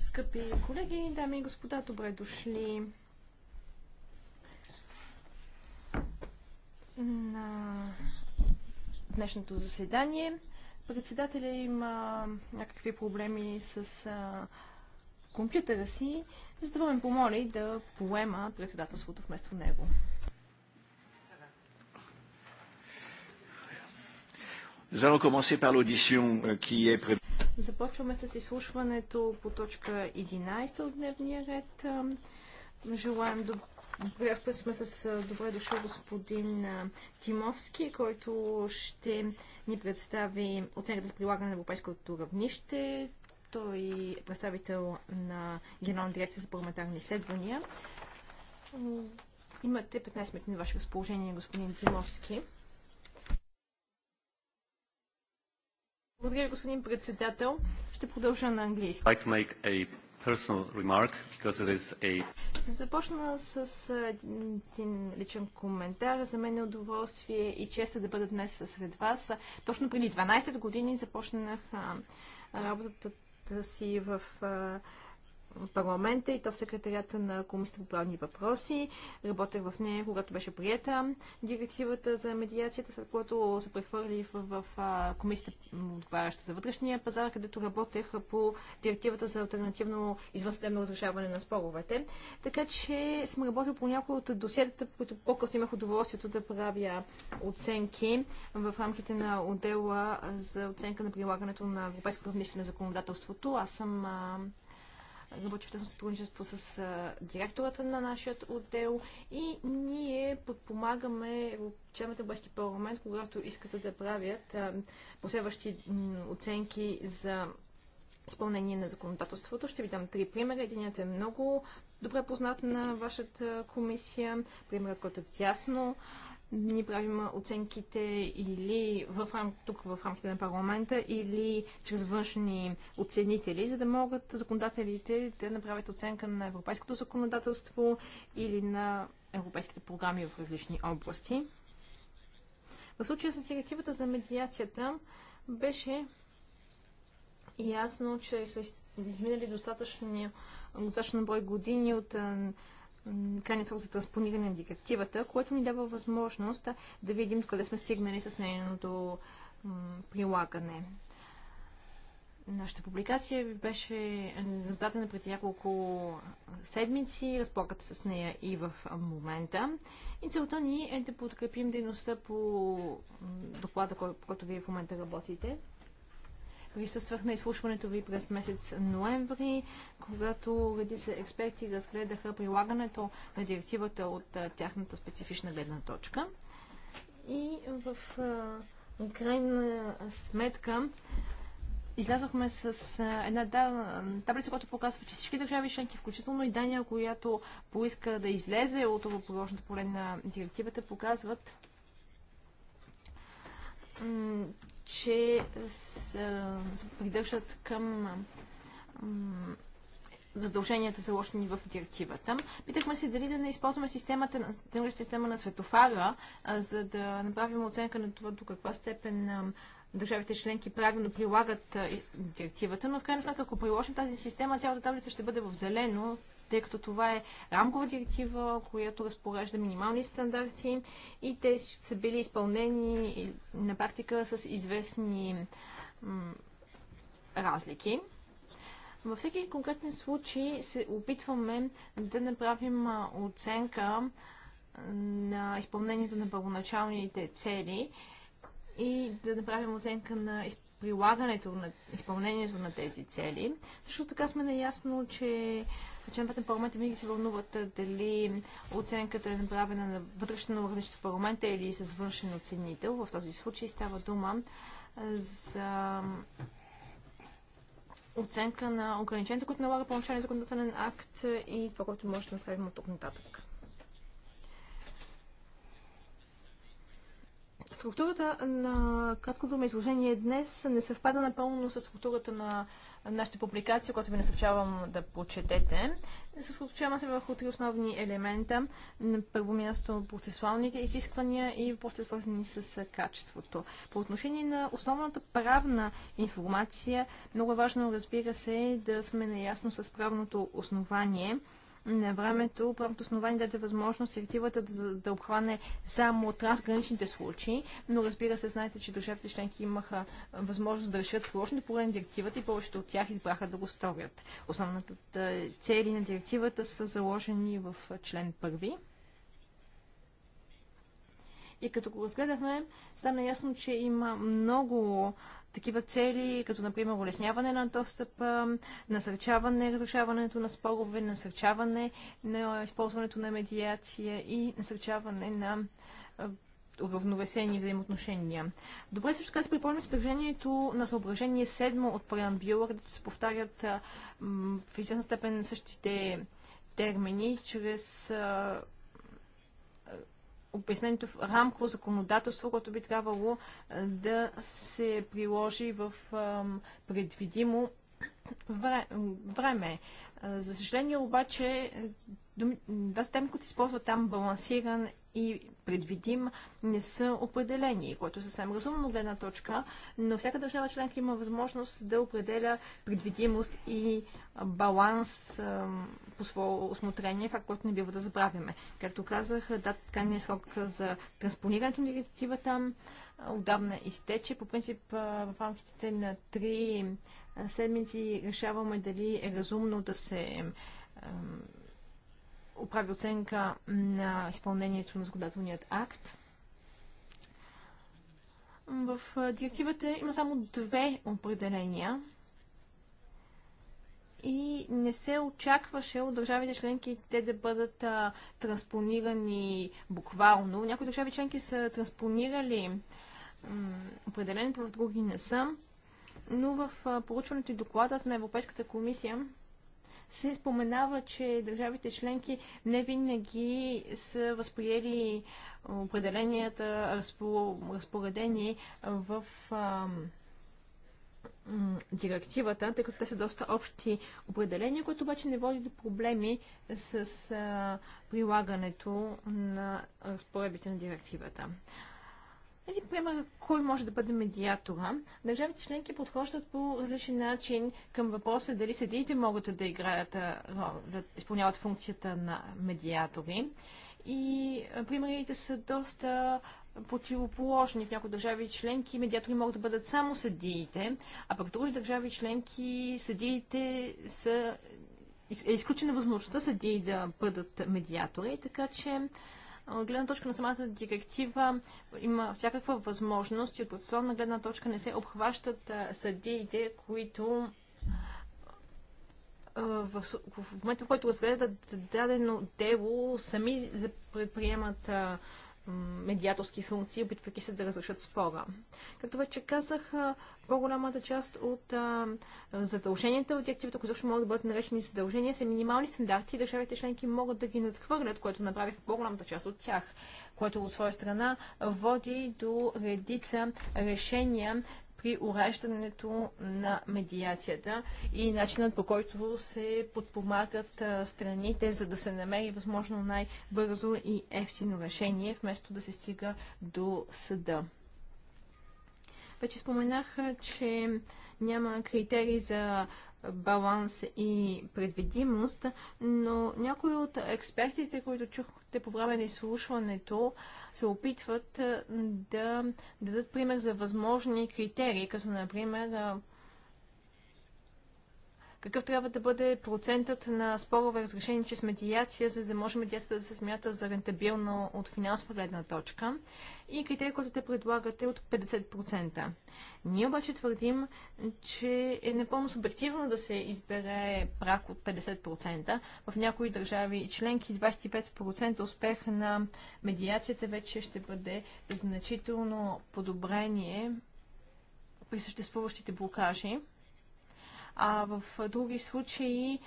Скъпи колеги, дами и господа, добре дошли на днешното заседание. Председателя има някакви проблеми с а, компютъра си, затова ме помоли да поема председателството вместо него. Nous allons commencer par l'audition euh, qui est prévue. Започваме с изслушването по точка 11 от дневния ред. Желаем добре, сме с добре дошъл господин Тимовски, който ще ни представи оценката за прилагане на европейското равнище. Той е представител на Генерална дирекция за парламентарни изследвания. Имате 15 минути на ваше разположение, господин Тимовски. Благодаря господин председател. Ще продължа на английски. Ще започна с един личен коментар. За мен е удоволствие и честа е да бъда днес сред вас. Точно преди 12 години започнах работата си в а, парламента и то в секретарията на Комисията по правни въпроси. Работех в нея, когато беше прията директивата за медиацията, след което се прехвърли в, в, в Комисията, отговаряща за вътрешния пазар, където работех по директивата за альтернативно извънсъдебно разрешаване на споровете. Така че съм работил по някои от досиетата, по които по-късно имах удоволствието да правя оценки в рамките на отдела за оценка на прилагането на европейското равнище на законодателството. Аз съм работи в тесно сътрудничество с директората на нашия отдел и ние подпомагаме членовете Български парламент, когато искат да правят последващи оценки за изпълнение на законодателството. Ще ви дам три примера. Единият е много добре познат на вашата комисия. Примерът, който е тясно ни правим оценките или в рам... тук в рамките на парламента, или чрез външни оценители, за да могат законодателите да направят оценка на европейското законодателство или на европейските програми в различни области. В случая с директивата за медиацията беше ясно, че са изминали достатъчно, достатъчно брой години от крайния срок за транспониране на директивата, което ни дава възможност да видим къде сме стигнали с нейното прилагане. Нашата публикация ви беше зададена преди няколко седмици, разпоката с нея и в момента. И целта ни е да подкрепим дейността по доклада, който вие в момента работите. Присъствах на изслушването ви през месец ноември, когато редица експерти разгледаха прилагането на директивата от тяхната специфична гледна точка. И в крайна сметка излязохме с една да, таблица, която показва, че всички държави членки, включително и Дания, която поиска да излезе от обопорожното поле на директивата, показват, че се придържат към задълженията, заложени в директивата. Питахме се дали да не използваме системата, на, система на светофара, за да направим оценка на това до каква степен държавите членки правилно прилагат директивата, но в крайна сметка, ако приложим тази система, цялата таблица ще бъде в зелено, тъй като това е рамкова директива, която разпорежда минимални стандарти и те са били изпълнени на практика с известни разлики. Във всеки конкретен случай се опитваме да направим оценка на изпълнението на първоначалните цели и да направим оценка на изпълнението прилагането на изпълнението на тези цели. Също така сме наясно, че членовете на парламента винаги се вълнуват дали оценката е направена на вътрешно равнище в парламента или с външен оценител. В този случай става дума за оценка на ограниченията, които налага по-начален законодателен акт и това, което може да направим от тук нататък. Структурата на краткото ми изложение днес не съвпада напълно с структурата на нашите публикации, която ви насърчавам да прочетете. Съсредоточаваме се върху три основни елемента. На първо място процесуалните изисквания и после свързани с качеството. По отношение на основната правна информация, много е важно, разбира се, да сме наясно с правното основание на времето правото основание даде възможност директивата да, да обхване само трансграничните случаи, но разбира се, знаете, че държавите членки имаха възможност да решат приложното проблеми на директивата и повечето от тях избраха да го сторят. Основната цели на директивата са заложени в член първи. И като го разгледахме, стана ясно, че има много такива цели, като например улесняване на достъпа, насърчаване разрушаването на спорове, насърчаване на използването на медиация и насърчаване на уравновесени взаимоотношения. Добре също така се припомним съдържанието на съображение 7 от преамбюла, където се повтарят в известна степен същите термини чрез а, обяснението в рамково законодателство, което би трябвало да се приложи в предвидимо време. За съжаление обаче, е, двата теми, които използват там, балансиран и предвидим не са определени, което е съвсем разумно гледна точка, но всяка държава членка има възможност да определя предвидимост и баланс по свое осмотрение, факт, който не бива да забравяме. Както казах, да, така не е срок за транспонирането на директивата. Отдавна изтече. По принцип, в рамките на три седмици решаваме дали е разумно да се прави оценка на изпълнението на законодателният акт. В директивата има само две определения и не се очакваше от държавите членки те да бъдат а, транспонирани буквално. Някои държави членки са транспонирали определението, в други не са. Но в а, поручването и докладът на Европейската комисия се споменава, че държавите членки не винаги са възприели определенията разпоредени в директивата, тъй като те са доста общи определения, които обаче не води до проблеми с прилагането на разпоредбите на директивата. Ето пример кой може да бъде медиатора. Държавите членки подхождат по различен начин към въпроса дали съдиите могат да играят, да изпълняват функцията на медиатори. И примерите са доста противоположни. В някои държави членки медиатори могат да бъдат само съдиите, а пък в други държави членки съдиите са е изключена възможността съдии да бъдат медиатори, така че от гледна точка на самата директива има всякаква възможност и от процесуална гледна точка не се обхващат съдиите, които в, в момента, в който разгледат дадено дело, сами предприемат медиаторски функции, опитвайки се да разрешат спора. Както вече казах, по-голямата част от задълженията от директивата, които могат да бъдат наречени задължения, са минимални стандарти и държавите членки могат да ги надхвърлят, което направих по-голямата част от тях, което от своя страна води до редица решения при уреждането на медиацията и начинът по който се подпомагат страните, за да се намери възможно най-бързо и ефтино решение, вместо да се стига до съда. Вече споменах, че няма критерии за баланс и предвидимост, но някои от експертите, които чухте по време на изслушването, се опитват да дадат пример за възможни критерии, като например какъв трябва да бъде процентът на спорове разрешени чрез медиация, за да може медиацията да се смята за рентабилно от финансова гледна точка. И критерия, който те предлагате от 50%. Ние обаче твърдим, че е непълно субективно да се избере прак от 50%. В някои държави и членки 25% успех на медиацията вече ще бъде значително подобрение при съществуващите блокажи а в други случаи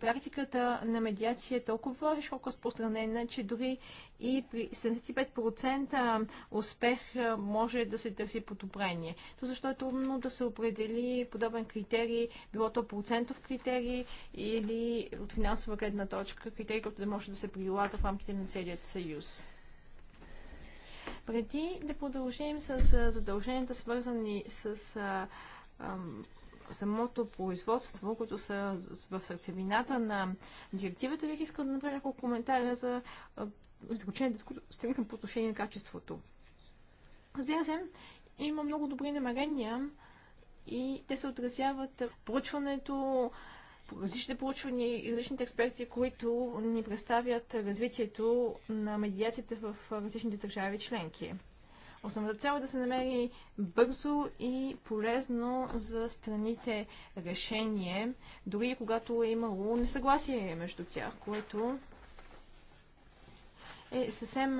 практиката на медиация е толкова широко разпространена, че дори и при 75% успех може да се търси подобрение. То защо е трудно да се определи подобен критерий, било то процентов критерий или от финансова гледна точка, критерий, който да може да се прилага в рамките на целият съюз. Преди да продължим с задълженията, свързани с самото производство, които са в сърцевината на директивата, бих искал да направя няколко коментари за заключенията, които стигнахме по отношение на качеството. Разбира се, има много добри намерения и те се отразяват поръчването, различните проучвания и различните експерти, които ни представят развитието на медиацията в различните държави членки. Основната цел е да се намери бързо и полезно за страните решение, дори когато е имало несъгласие между тях, което е съвсем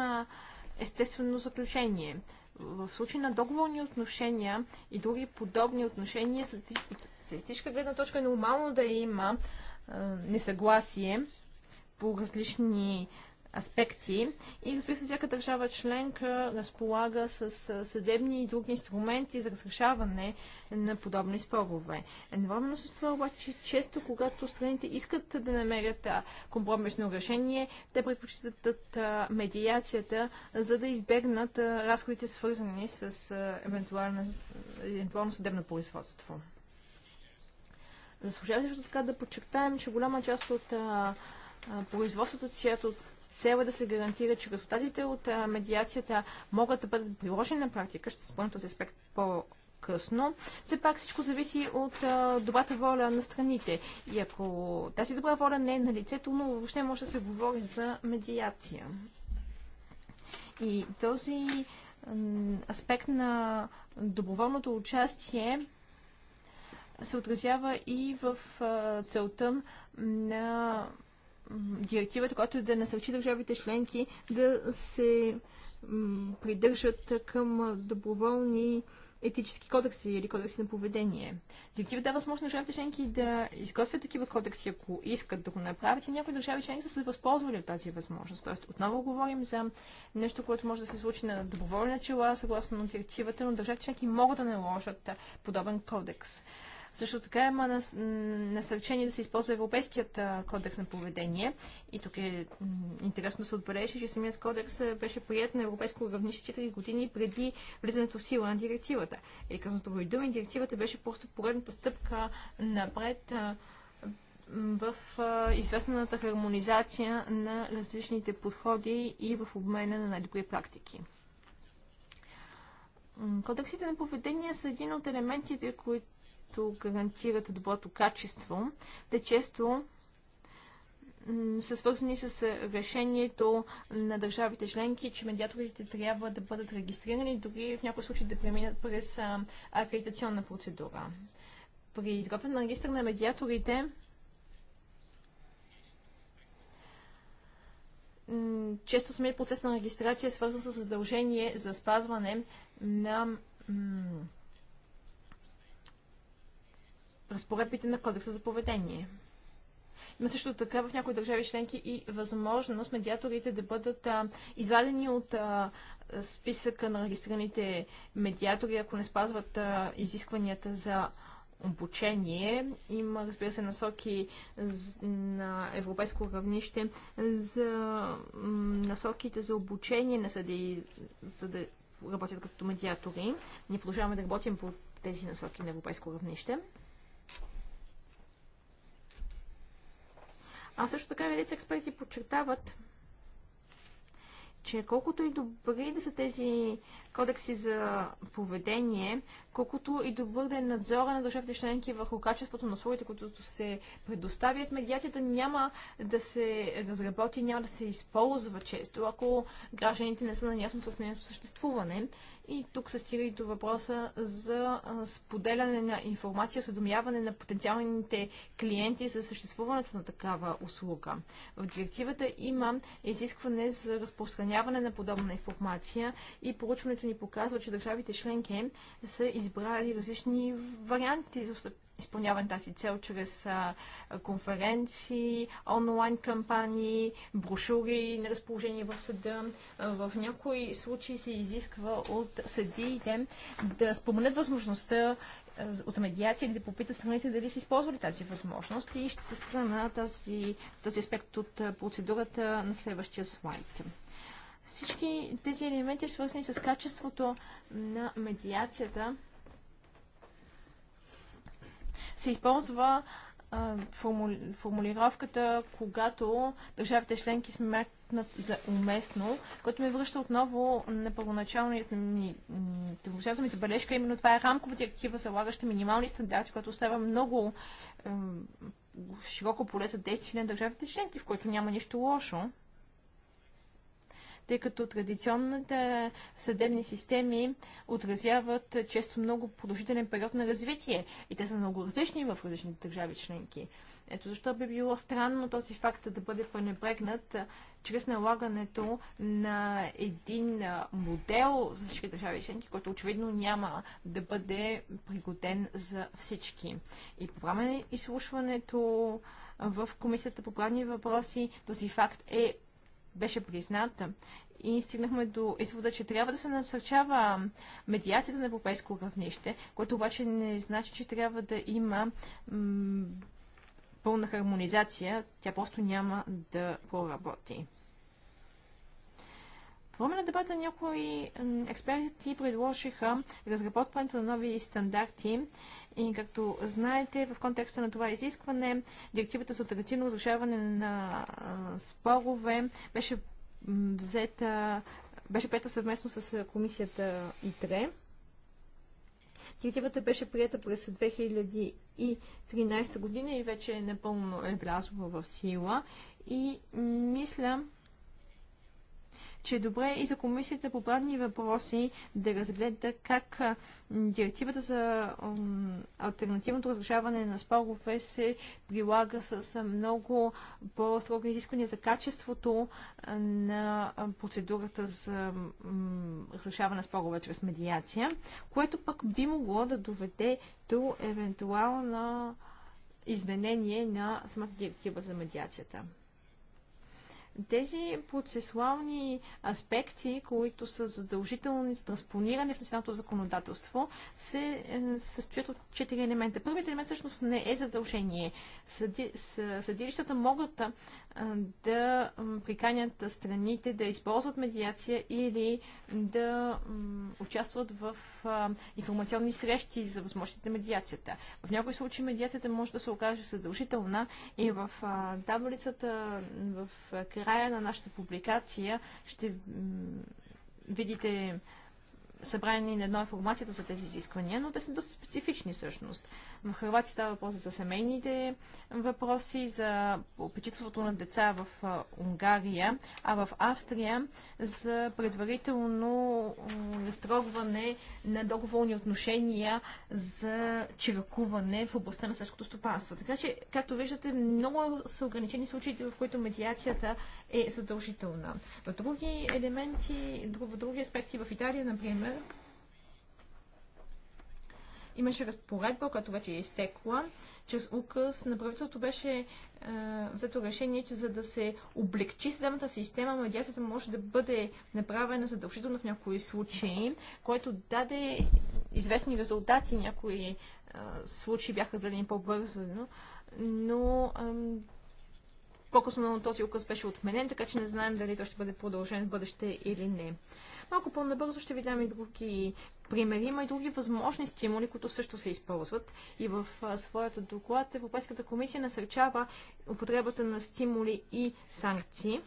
естествено заключение. В случай на договорни отношения и други подобни отношения, от статистическа гледна точка е нормално да има несъгласие по различни аспекти. И разбира се, всяка държава членка разполага с съдебни и други инструменти за разрешаване на подобни спорове. Едновременно с това обаче, често когато страните искат да намерят компромисно решение, те предпочитат медиацията, за да избегнат разходите свързани с евентуално, евентуално съдебно производство. Заслужава също така да подчертаем, че голяма част от а, производството, чиято Цел е да се гарантира, че резултатите от медиацията могат да бъдат приложени на практика. Ще спомня този аспект по късно. Все пак всичко зависи от а, добрата воля на страните. И ако тази добра воля не е на лицето, но въобще може да се говори за медиация. И този аспект на доброволното участие се отразява и в целта на директивата, която да насърчи държавите членки да се придържат към доброволни етически кодекси или кодекси на поведение. Директива дава възможност на държавите членки да изготвят такива кодекси, ако искат да го направят и някои държави членки са се възползвали от тази възможност. Тоест, отново говорим за нещо, което може да се случи на доброволни начала, съгласно директивата, но държавите членки могат да наложат подобен кодекс. Също така има насърчение да се използва Европейският кодекс на поведение. И тук е интересно да се отбележи, че самият кодекс беше прият на европейско равнище 4 години преди влизането в сила на директивата. И казаното в думи, директивата беше просто поредната стъпка напред в известната хармонизация на различните подходи и в обмена на най-добри практики. Кодексите на поведение са един от елементите, които които гарантират доброто качество, те често са свързани с решението на държавите членки, че медиаторите трябва да бъдат регистрирани, дори в някои случаи да преминат през акредитационна процедура. При изготвяне на регистър на медиаторите често самият процес на регистрация е свързан с задължение за спазване на разпоредбите на кодекса за поведение. Има също така в някои държави членки и възможност медиаторите да бъдат а, извадени от а, списъка на регистрираните медиатори, ако не спазват а, изискванията за обучение. Има, разбира се, насоки на европейско равнище за насоките за обучение на съди, за да работят като медиатори. Ние продължаваме да работим по тези насоки на европейско равнище. А също така редица експерти подчертават, че колкото и добри да са тези кодекси за поведение, колкото и да бъде надзора на държавите членки върху качеството на услугите, които се предоставят. Медиацията няма да се разработи, няма да се използва често, ако гражданите не са наясно с нейното съществуване. И тук се стига и до въпроса за споделяне на информация, осведомяване на потенциалните клиенти за съществуването на такава услуга. В директивата има изискване за разпространяване на подобна информация и поручването ни показва, че държавите членки са избрали различни варианти за изпълняване тази цел чрез а, конференции, онлайн кампании, брошури на разположение в съда. В някои случаи се изисква от съдиите да споменат възможността от медиация или да попитат страните дали са използвали тази възможност и ще се спра на тази, този аспект от процедурата на следващия слайд. Всички тези елементи, свързани с качеството на медиацията, се използва а, формулировката, когато държавите членки сметнат за уместно, което ме връща отново на първоначалният ми, ми забележка. Именно това е рамкова директива, залагаща минимални стандарти, която оставя много широко поле за действие на държавите членки, в което няма нищо лошо тъй като традиционните съдебни системи отразяват често много продължителен период на развитие и те са много различни в различните държави членки. Ето защо би било странно този факт да бъде пренебрегнат чрез налагането на един модел за всички държави членки, който очевидно няма да бъде пригоден за всички. И по време на изслушването в Комисията по правни въпроси този факт е беше призната и стигнахме до извода, че трябва да се насърчава медиацията на европейско равнище, което обаче не значи, че трябва да има пълна хармонизация. Тя просто няма да проработи. По време на дебата някои експерти предложиха разработването на нови стандарти и както знаете, в контекста на това изискване, директивата за оперативно разрешаване на спорове беше взета, беше прията съвместно с комисията ИТРЕ. Директивата беше прията през 2013 година и вече е напълно е влязла в сила. И мисля, че е добре и за комисията по правни въпроси да разгледа как директивата за альтернативното разрешаване на спорове се прилага с много по-строги изисквания за качеството на процедурата за разрешаване на спорове чрез медиация, което пък би могло да доведе до евентуална изменение на самата директива за медиацията. Тези процесуални аспекти, които са задължителни за транспониране в националното законодателство, се е, състоят от четири елемента. Първият елемент всъщност не е задължение. Съди, съдилищата могат да приканят страните да използват медиация или да участват в информационни срещи за възможностите на медиацията. В някои случаи медиацията може да се окаже задължителна и в таблицата в края на нашата публикация ще видите събрани на едно информацията за тези изисквания, но те са доста специфични всъщност. В Хрватия става въпрос за семейните въпроси, за опечителството на деца в Унгария, а в Австрия за предварително разтрогване на договорни отношения за чиракуване в областта на селското стопанство. Така че, както виждате, много са ограничени случаите, в които медиацията е задължителна. В други елементи, в други аспекти в Италия, например, имаше разпоредба, която вече е изтекла. Чрез указ на правителството беше е, взето решение, че за да се облегчи съдебната система, медиацията може да бъде направена задължително в някои случаи, което даде известни резултати. Някои е, случаи бяха гледани по-бързо, но, но е, по-късно този указ беше отменен, така че не знаем дали той ще бъде продължен в бъдеще или не. Малко по-набързо ще ви дам и други примери. Има и други възможни стимули, които също се използват. И в своята доклад Европейската комисия насърчава употребата на стимули и санкции.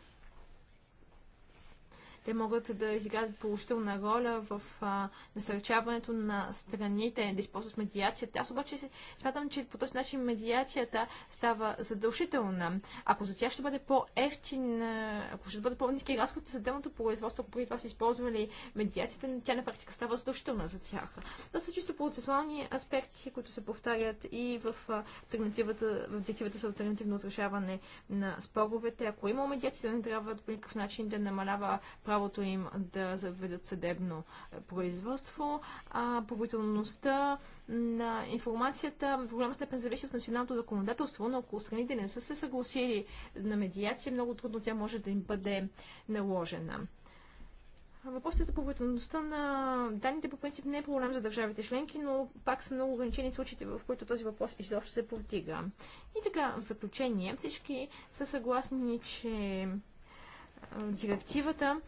Те могат да изиграят положителна роля в а, насърчаването на страните, да използват медиацията. Аз обаче смятам, че по този начин медиацията става задължителна. Ако за тях ще бъде по-ефтин, ако ще бъде по-низки разходите за съдебното производство, ако преди това са използвали медиацията, тя на практика става задължителна за тях. Това са чисто процесуални аспекти, които се повтарят и в, альтернативата, в директивата за альтернативно разрешаване на споровете. Ако има медиацията, не трябва по никакъв начин да намалява правото им да заведат съдебно е, производство, а поверителността на информацията в голяма степен зависи от националното законодателство, но ако страните не са се съгласили на медиация, много трудно тя може да им бъде наложена. Въпросът е за поверителността на данните по принцип не е проблем за държавите членки, но пак са много ограничени случаите, в които този въпрос изобщо се повдига. И така, в заключение, всички са съгласни, че директивата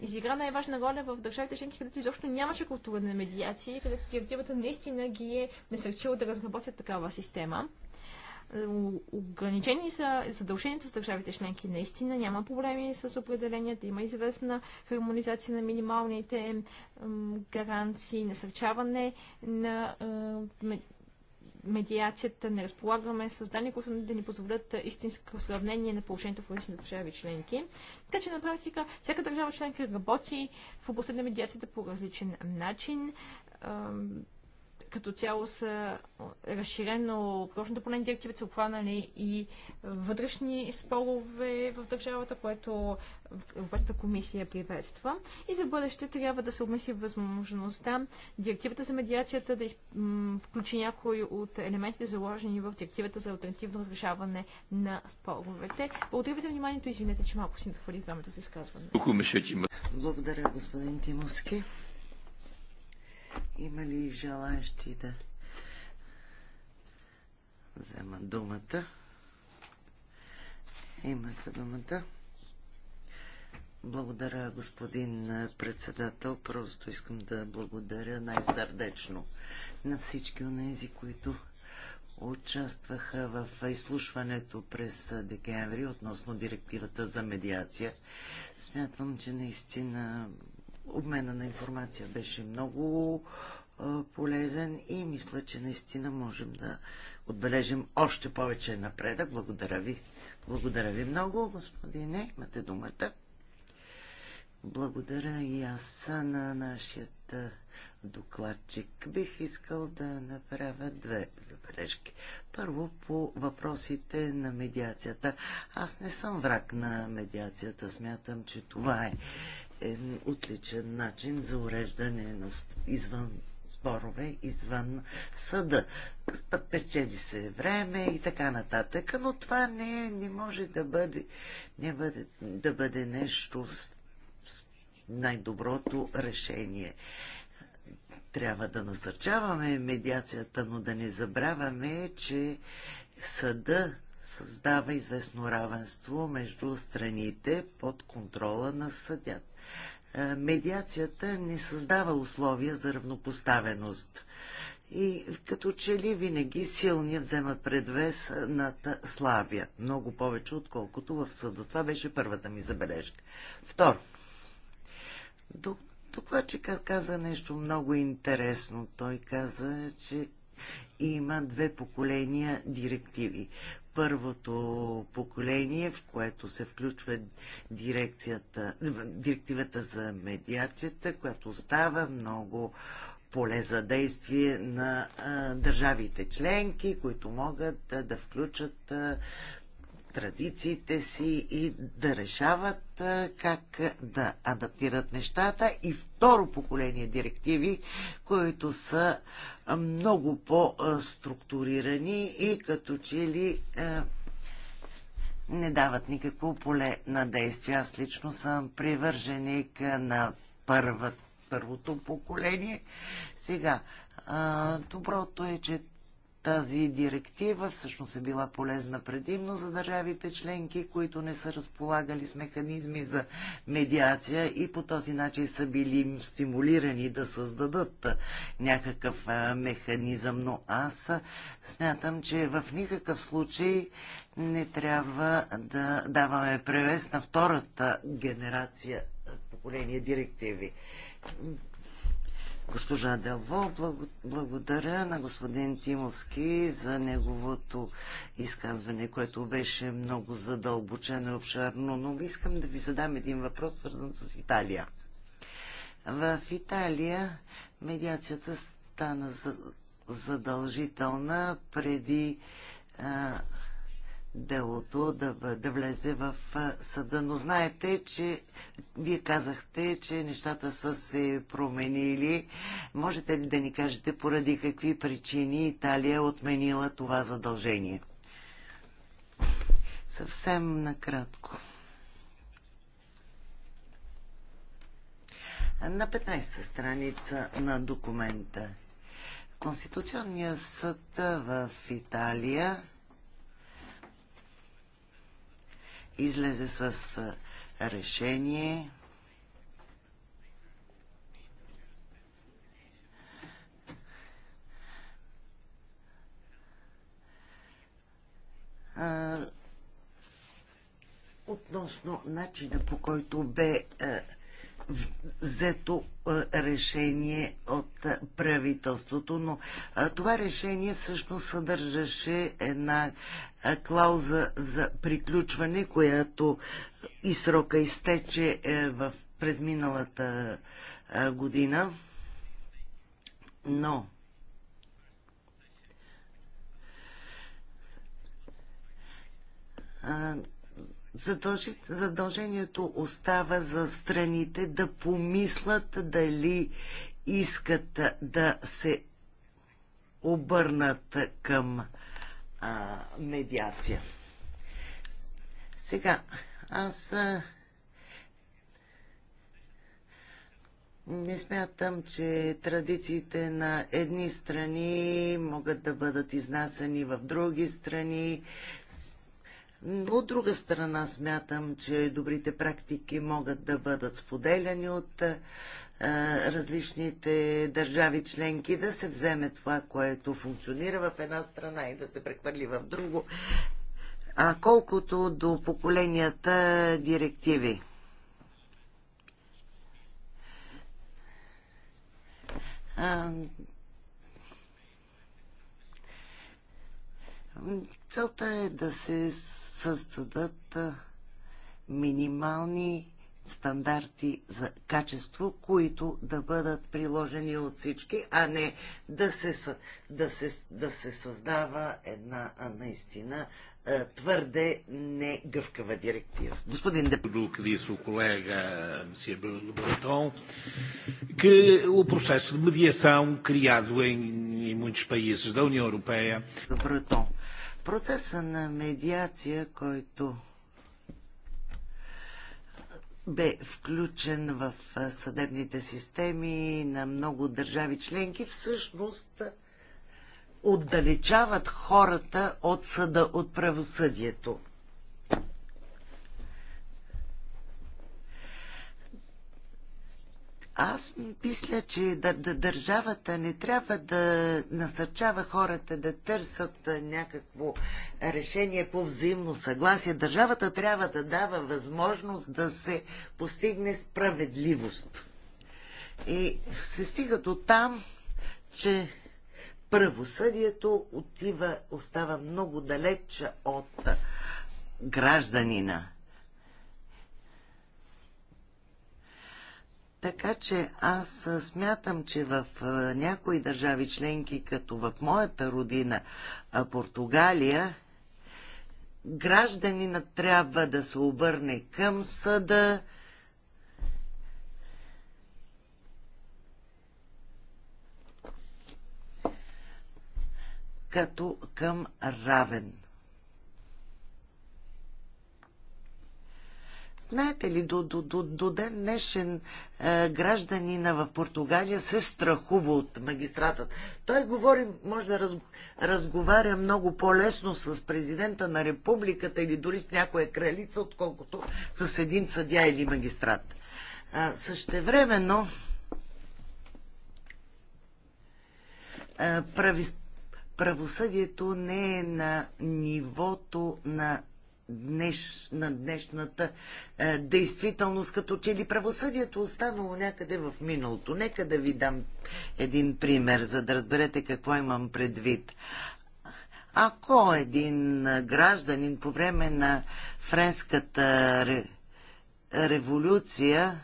изигра най-важна роля в държавите членки, където изобщо нямаше култура на медиация и където директивата наистина ги е насърчила да разработят такава система. Е, ограничени са задълженията с държавите членки. Наистина няма проблеми с определенията. Има известна хармонизация на минималните гаранции, насърчаване на е, медиацията, не разполагаме с данни, които да ни позволят истинско сравнение на положението в различни държави членки. Така че на практика всяка държава членка работи в областта на медиацията по различен начин като цяло са разширено прочното поне на директивите, са обхванали и вътрешни спорове в държавата, което Европейската комисия приветства. И за бъдеще трябва да се обмисли възможността директивата за медиацията да включи някои от елементите, заложени в директивата за альтернативно разрешаване на споровете. Благодаря ви за вниманието. Извинете, че малко си надхвърлих времето за изказване. Благодаря, господин Тимовски. Има ли желаящи да вземат думата? Имате думата. Благодаря, господин председател. Просто искам да благодаря най-сърдечно на всички тези, които участваха в изслушването през декември относно директивата за медиация. Смятам, че наистина Обмена на информация беше много полезен и мисля, че наистина можем да отбележим още повече напредък. Благодаря ви. Благодаря ви много, господине. Имате думата. Благодаря и аз на нашия докладчик. Бих искал да направя две забележки. Първо по въпросите на медиацията. Аз не съм враг на медиацията. Смятам, че това е е отличен начин за уреждане на извън спорове извън съда. Печели се време и така нататък, но това не, не може да бъде, не бъде, да бъде нещо с, с най-доброто решение. Трябва да насърчаваме медиацията, но да не забравяме, че съда създава известно равенство между страните под контрола на съдята. Е, медиацията не създава условия за равнопоставеност. И като че ли винаги силни вземат предвес над слабия. Много повече, отколкото в съда. Това беше първата ми забележка. Второ. Докладчика каза нещо много интересно. Той каза, че има две поколения директиви първото поколение, в което се включва дирекцията, директивата за медиацията, която става много поле за действие на а, държавите членки, които могат а, да включат а, традициите си и да решават как да адаптират нещата и второ поколение директиви, които са много по-структурирани и като че ли не дават никакво поле на действие. Аз лично съм привърженик на първа, първото поколение. Сега, доброто е, че тази директива всъщност е била полезна предимно за държавите членки, които не са разполагали с механизми за медиация и по този начин са били стимулирани да създадат някакъв механизъм. Но аз смятам, че в никакъв случай не трябва да даваме превес на втората генерация поколение директиви госпожа Делво. Благодаря на господин Тимовски за неговото изказване, което беше много задълбочено и обширно, но искам да ви задам един въпрос, свързан с Италия. В Италия медиацията стана задължителна преди а, делото да, да влезе в съда. Но знаете, че вие казахте, че нещата са се променили. Можете ли да ни кажете поради какви причини Италия е отменила това задължение? Съвсем накратко. На 15-та страница на документа Конституционният съд в Италия излезе с решение. относно начина по който бе взето решение от правителството, но това решение всъщност съдържаше една клауза за приключване, която и срока изтече е, в, през миналата година. Но Задължението остава за страните да помислят дали искат да се обърнат към а, медиация. Сега, аз а, не смятам, че традициите на едни страни могат да бъдат изнасени в други страни. От друга страна смятам, че добрите практики могат да бъдат споделяни от различните държави членки, да се вземе това, което функционира в една страна и да се прехвърли в друго. А колкото до поколенията директиви. Целта е да се създадат минимални стандарти за качество, които да бъдат приложени от всички, а не да се, да се, да се създава една наистина твърде негъвкава директива. Господин Депутат. que disse o colega Messier Bruno Breton, que o processo de mediação criado em, em muitos países da União Europeia. Breton. Процеса на медиация, който бе включен в съдебните системи на много държави членки, всъщност отдалечават хората от съда, от правосъдието. Аз мисля, че да, да, държавата не трябва да насърчава хората да търсят някакво решение по взаимно съгласие. Държавата трябва да дава възможност да се постигне справедливост. И се стига до там, че правосъдието отива, остава много далеч от гражданина. Така че аз смятам, че в някои държави членки, като в моята родина Португалия, гражданина трябва да се обърне към съда, като към равен. Знаете ли, до, до, до, до ден днешен е, гражданина в Португалия се страхува от магистратът. Той говори, може да раз, разговаря много по-лесно с президента на републиката или дори с някоя кралица, отколкото с един съдя или магистрат. А, същевременно а, е, прави, правосъдието не е на нивото на днеш, на днешната е, действителност, като че ли правосъдието останало някъде в миналото. Нека да ви дам един пример, за да разберете какво имам предвид. Ако един гражданин по време на Френската революция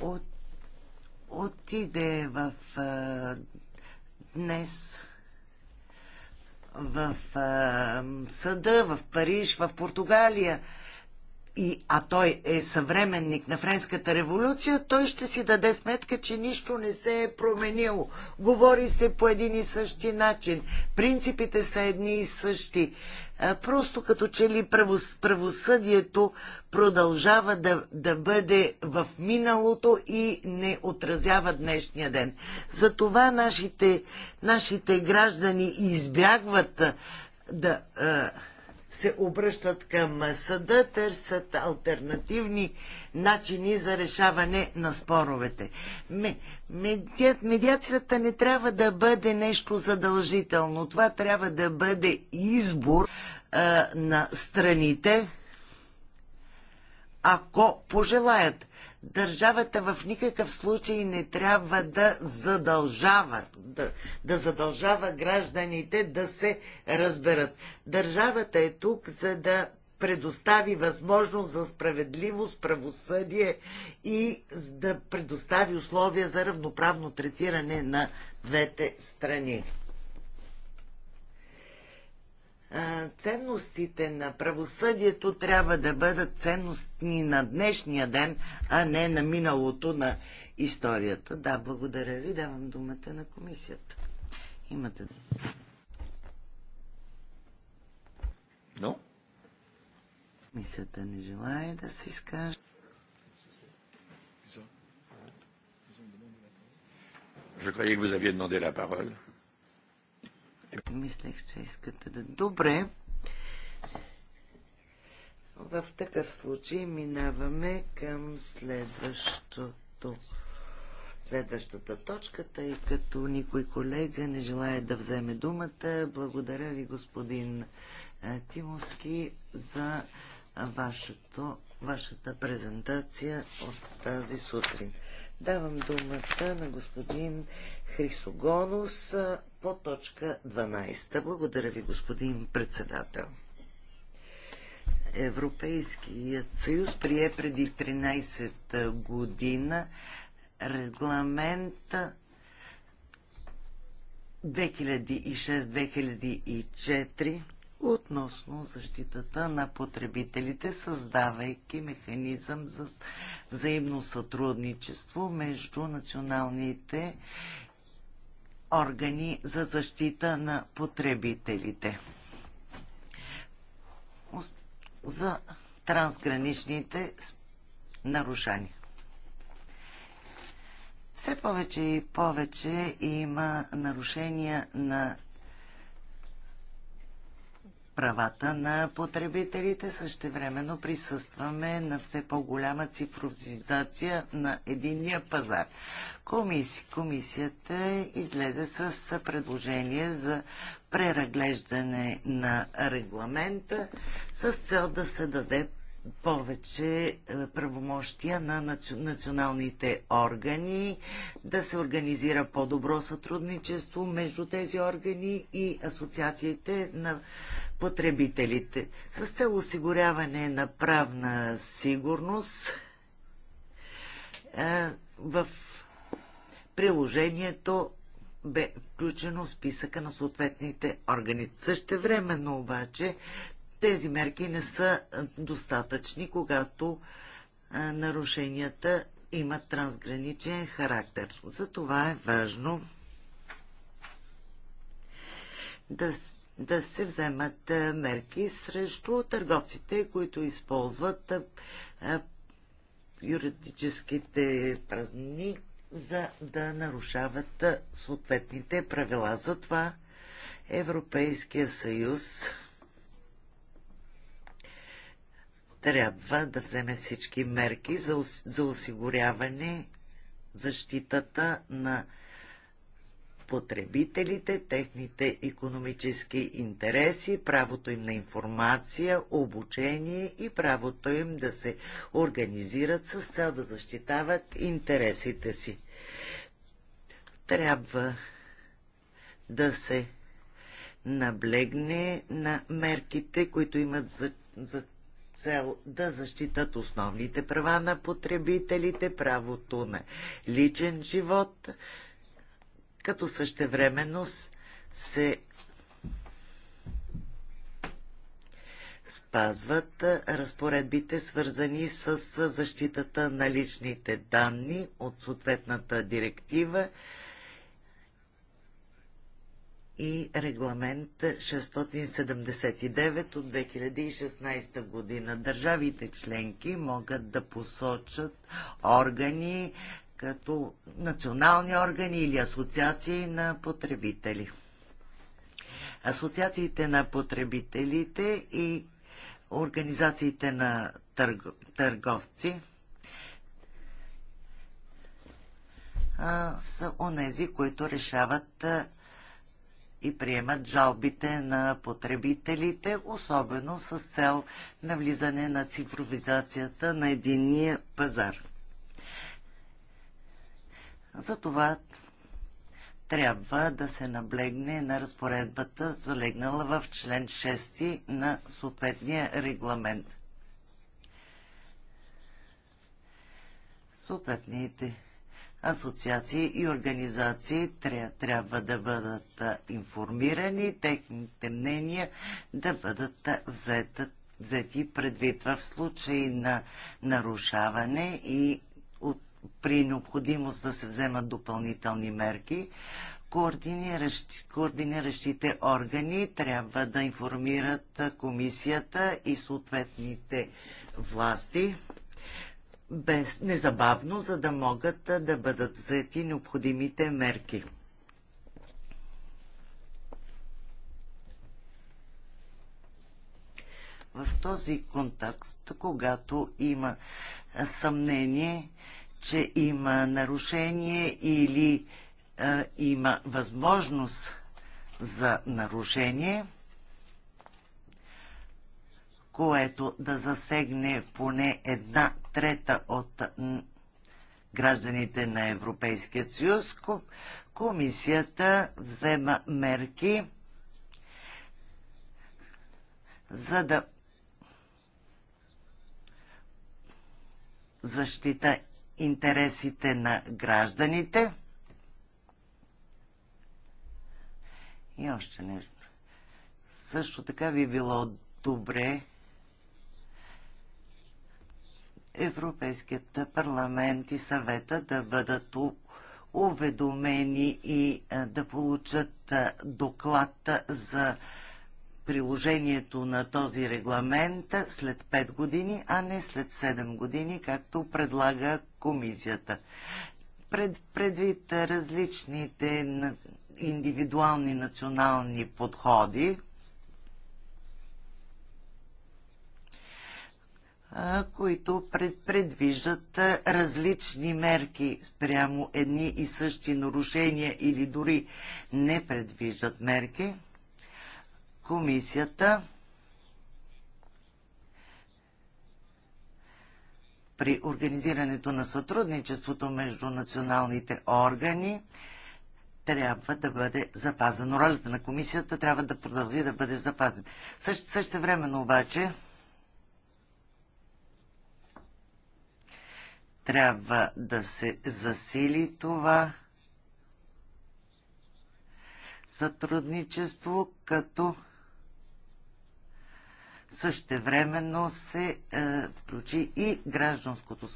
от, отиде в а, днес в а, съда, в Париж, в Португалия, и, а той е съвременник на Френската революция, той ще си даде сметка, че нищо не се е променило. Говори се по един и същи начин. Принципите са едни и същи. Просто като че ли правосъдието продължава да, да бъде в миналото и не отразява днешния ден. Затова нашите, нашите граждани избягват да се обръщат към съда, търсят альтернативни начини за решаване на споровете. Медиацията не трябва да бъде нещо задължително. Това трябва да бъде избор а, на страните, ако пожелаят държавата в никакъв случай не трябва да задължава, да, да задължава гражданите да се разберат. Държавата е тук, за да предостави възможност за справедливост, правосъдие и да предостави условия за равноправно третиране на двете страни ценностите на правосъдието трябва да бъдат ценностни на днешния ден, а не на миналото на историята. Да, благодаря ви. Давам думата на комисията. Имате Но? Комисията не желая да се изкаже. Je croyais que vous aviez demandé la parole. Мислех, че искате да... Добре. В такъв случай минаваме към следващото следващата точка, тъй като никой колега не желая да вземе думата. Благодаря ви, господин Тимовски, за вашето, вашата презентация от тази сутрин. Давам думата на господин Хрисогонус по точка 12. Благодаря ви, господин председател. Европейският съюз прие преди 13 година регламента 2006-2004 относно защитата на потребителите, създавайки механизъм за взаимно сътрудничество между националните органи за защита на потребителите. За трансграничните нарушания. Все повече и повече има нарушения на правата на потребителите. Същевременно присъстваме на все по-голяма цифровизация на единния пазар. Комиси, комисията излезе с предложение за преразглеждане на регламента с цел да се даде повече е, правомощия на националните органи, да се организира по-добро сътрудничество между тези органи и асоциациите на потребителите. С цел осигуряване на правна сигурност е, в приложението бе включено в списъка на съответните органи. Същевременно обаче тези мерки не са достатъчни, когато е, нарушенията имат трансграничен характер. Затова е важно да, да се вземат мерки срещу търговците, които използват юридическите празни, за да нарушават съответните правила. Затова Европейския съюз трябва да вземе всички мерки за, за осигуряване защитата на потребителите, техните економически интереси, правото им на информация, обучение и правото им да се организират с цел да защитават интересите си. Трябва да се наблегне на мерките, които имат за, за цел да защитат основните права на потребителите, правото на личен живот, като същевременно се спазват разпоредбите, свързани с защитата на личните данни от съответната директива и регламент 679 от 2016 година. Държавите членки могат да посочат органи, като национални органи или асоциации на потребители. Асоциациите на потребителите и организациите на търговци са онези, които решават и приемат жалбите на потребителите, особено с цел навлизане на цифровизацията на единния пазар. Затова трябва да се наблегне на разпоредбата, залегнала в член 6 на съответния регламент. Съответните асоциации и организации трябва да бъдат информирани, техните мнения да бъдат взети предвид в случай на нарушаване и при необходимост да се вземат допълнителни мерки. координиращите органи трябва да информират комисията и съответните власти без, незабавно, за да могат да бъдат взети необходимите мерки. В този контекст, когато има съмнение, че има нарушение или а, има възможност за нарушение, което да засегне поне една трета от гражданите на Европейския съюз, комисията взема мерки за да защита интересите на гражданите. И още нещо. Също така би било добре Европейският парламент и съвета да бъдат уведомени и да получат доклад за приложението на този регламент след 5 години, а не след 7 години, както предлага комисията. Пред, предвид различните индивидуални национални подходи, които пред, предвиждат различни мерки спрямо едни и същи нарушения или дори не предвиждат мерки комисията при организирането на сътрудничеството между националните органи трябва да бъде запазено. Ролята на комисията трябва да продължи да бъде запазена. Също, също времено обаче трябва да се засили това сътрудничество, като Същевременно се е, включи и гражданското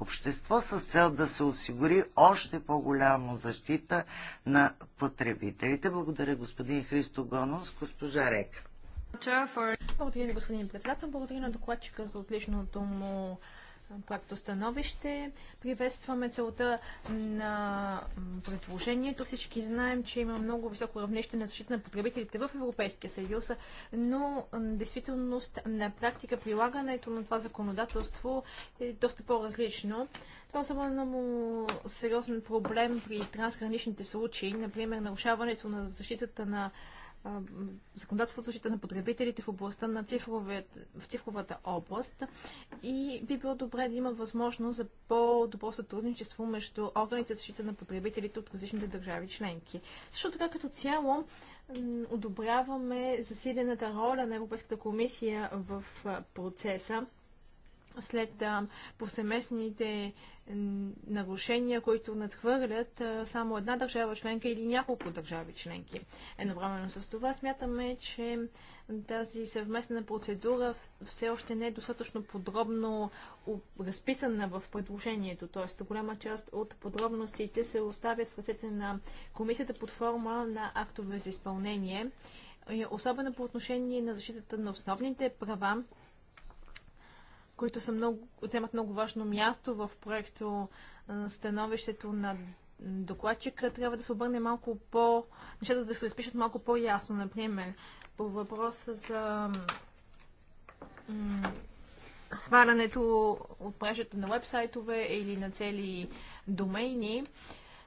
общество с цел да се осигури още по-голяма защита на потребителите. Благодаря господин Христо Гонос, госпожа Река. Благодаря ви, господин председател. Благодаря на докладчика за отличното му проекто становище. Приветстваме целта на предложението. Всички знаем, че има много високо равнище на защита на потребителите в Европейския съюз, но действителност на практика прилагането на това законодателство е доста по-различно. Това е особено сериозен проблем при трансграничните случаи, например нарушаването на защитата на законодателството защита на потребителите в областта на в цифровата област и би било добре да има възможност за по-добро сътрудничество между органите за защита на потребителите от различните държави членки. Също така като цяло одобряваме засилената роля на Европейската комисия в процеса след повсеместните нарушения, които надхвърлят само една държава членка или няколко държави членки. Едновременно с това смятаме, че тази съвместна процедура все още не е достатъчно подробно разписана в предложението, т.е. голяма част от подробностите се оставят в ръцете на комисията под форма на актове за изпълнение, особено по отношение на защитата на основните права които са много, вземат много важно място в проекто становището на докладчика, трябва да се обърне малко по... нещата да се разпишат малко по-ясно, например, по въпроса за свалянето от мрежата на вебсайтове или на цели домейни.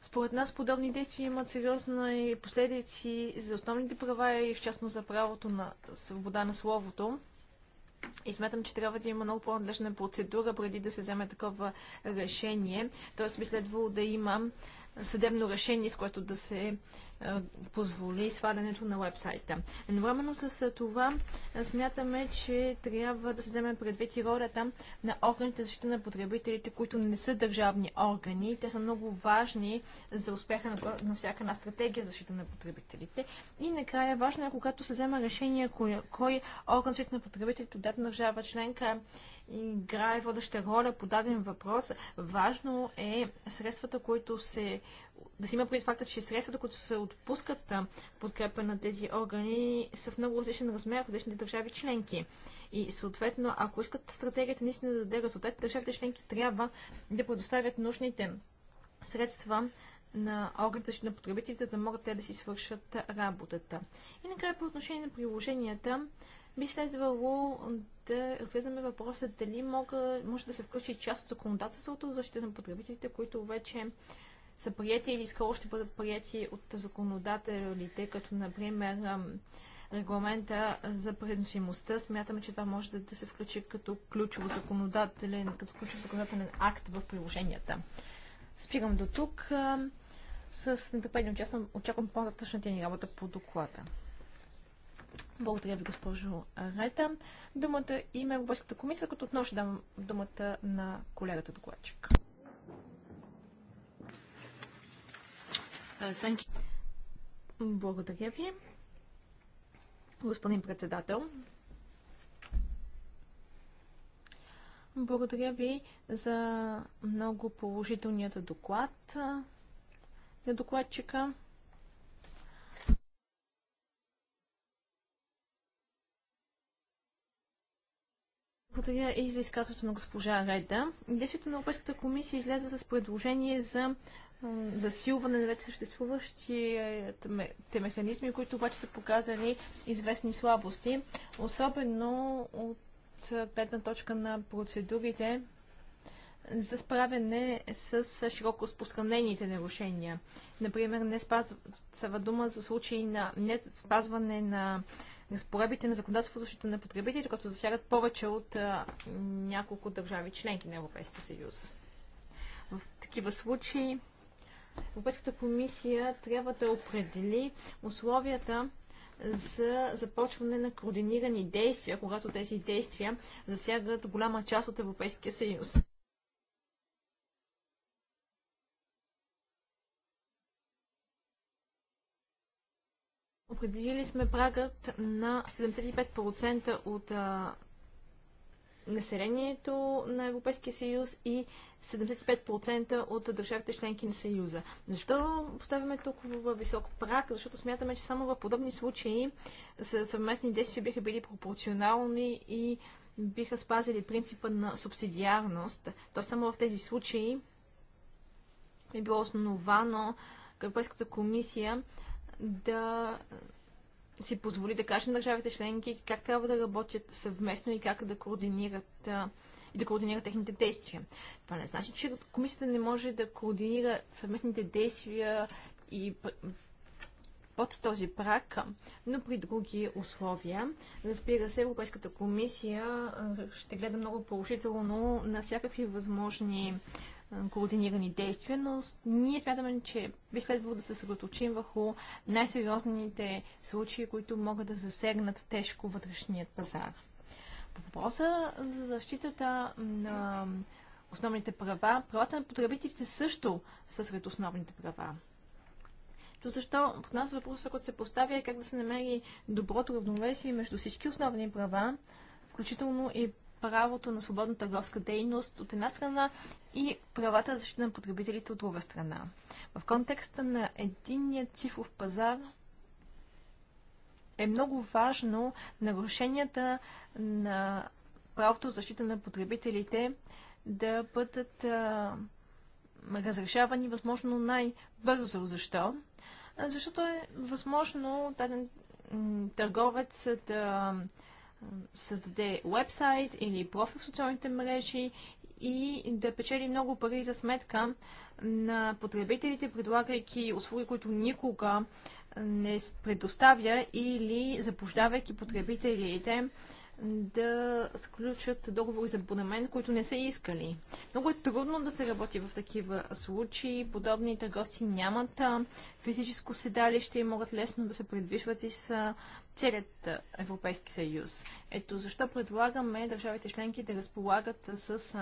Според нас подобни действия имат сериозни последици за основните права и в частност за правото на свобода на словото. И смятам, че трябва да има много по-надлежна процедура преди да се вземе такова решение. Тоест би следвало да има съдебно решение, с което да се позволи свалянето на вебсайта. Едновременно с това смятаме, че трябва да се вземе предвид и ролята на органите за защита на потребителите, които не са държавни органи. Те са много важни за успеха на, на всяка една стратегия за защита на потребителите. И накрая важно е, когато се взема решение кой, кой орган за защита на потребителите от дата държава членка играе водеща роля по даден въпрос. Важно е средствата, които се да си има предвид факта, че средствата, които се отпускат подкрепа на тези органи, са в много различен размер в различните държави членки. И съответно, ако искат стратегията наистина да даде резултат, държавите членки трябва да предоставят нужните средства на органите на потребителите, за да могат те да си свършат работата. И накрая по отношение на приложенията, би следвало да разгледаме въпроса дали мога, може да се включи част от законодателството за защита на потребителите, които вече са прияти или скоро ще бъдат прияти от законодателите, като например регламента за преносимостта. Смятаме, че това може да, да се включи като ключов законодателен, като ключов законодателен акт в приложенията. Спирам до тук. С нетърпение очаквам по-нататъчната ни работа по доклада. Благодаря ви, госпожо Райта. Думата има Европейската комисия, като отново ще дам думата на колегата докладчик. Uh, Благодаря ви, господин председател. Благодаря ви за много положителният доклад на докладчика. Благодаря и за изказването на госпожа Реда. Действието на Европейската комисия излезе с предложение за засилване на вече съществуващите механизми, които обаче са показали известни слабости, особено от гледна точка на процедурите за справяне с широко разпространените нарушения. Например, не спазва дума за случаи на не спазване на разпоредбите на законодателството защита на потребителите, като засягат повече от а, няколко държави членки на Европейския съюз. В такива случаи Европейската комисия трябва да определи условията за започване на координирани действия, когато тези действия засягат голяма част от Европейския съюз. Определили сме прагът на 75% от а, населението на Европейския съюз и 75% от държавите членки на съюза. Защо поставяме толкова висок прак? Защото смятаме, че само в подобни случаи съвместни действия биха били пропорционални и биха спазили принципа на субсидиарност. То само в тези случаи е било основано Европейската комисия да си позволи да каже на държавите членки как трябва да работят съвместно и как да координират и да координира техните действия. Това не значи, че комисията не може да координира съвместните действия и под този прак, но при други условия. Разбира се, Европейската комисия ще гледа много положително на всякакви възможни координирани действия, но ние смятаме, че би следвало да се съсредоточим върху най-сериозните случаи, които могат да засегнат тежко вътрешният пазар. По въпроса за защитата на основните права, правата на потребителите също са сред основните права. То защо под нас въпросът, който се поставя е как да се намери доброто равновесие между всички основни права, включително и правото на свободна търговска дейност от една страна и правата за защита на потребителите от друга страна. В контекста на единния цифров пазар е много важно нарушенията на правото за защита на потребителите да бъдат разрешавани възможно най-бързо. Защо? Защото е възможно даден търговец да създаде вебсайт или профил в социалните мрежи и да печели много пари за сметка на потребителите, предлагайки услуги, които никога не предоставя или заблуждавайки потребителите да сключат договори за абонамент, които не са искали. Много е трудно да се работи в такива случаи. Подобни търговци нямат физическо седалище и могат лесно да се предвижват и с целият Европейски съюз. Ето защо предлагаме държавите членки да разполагат с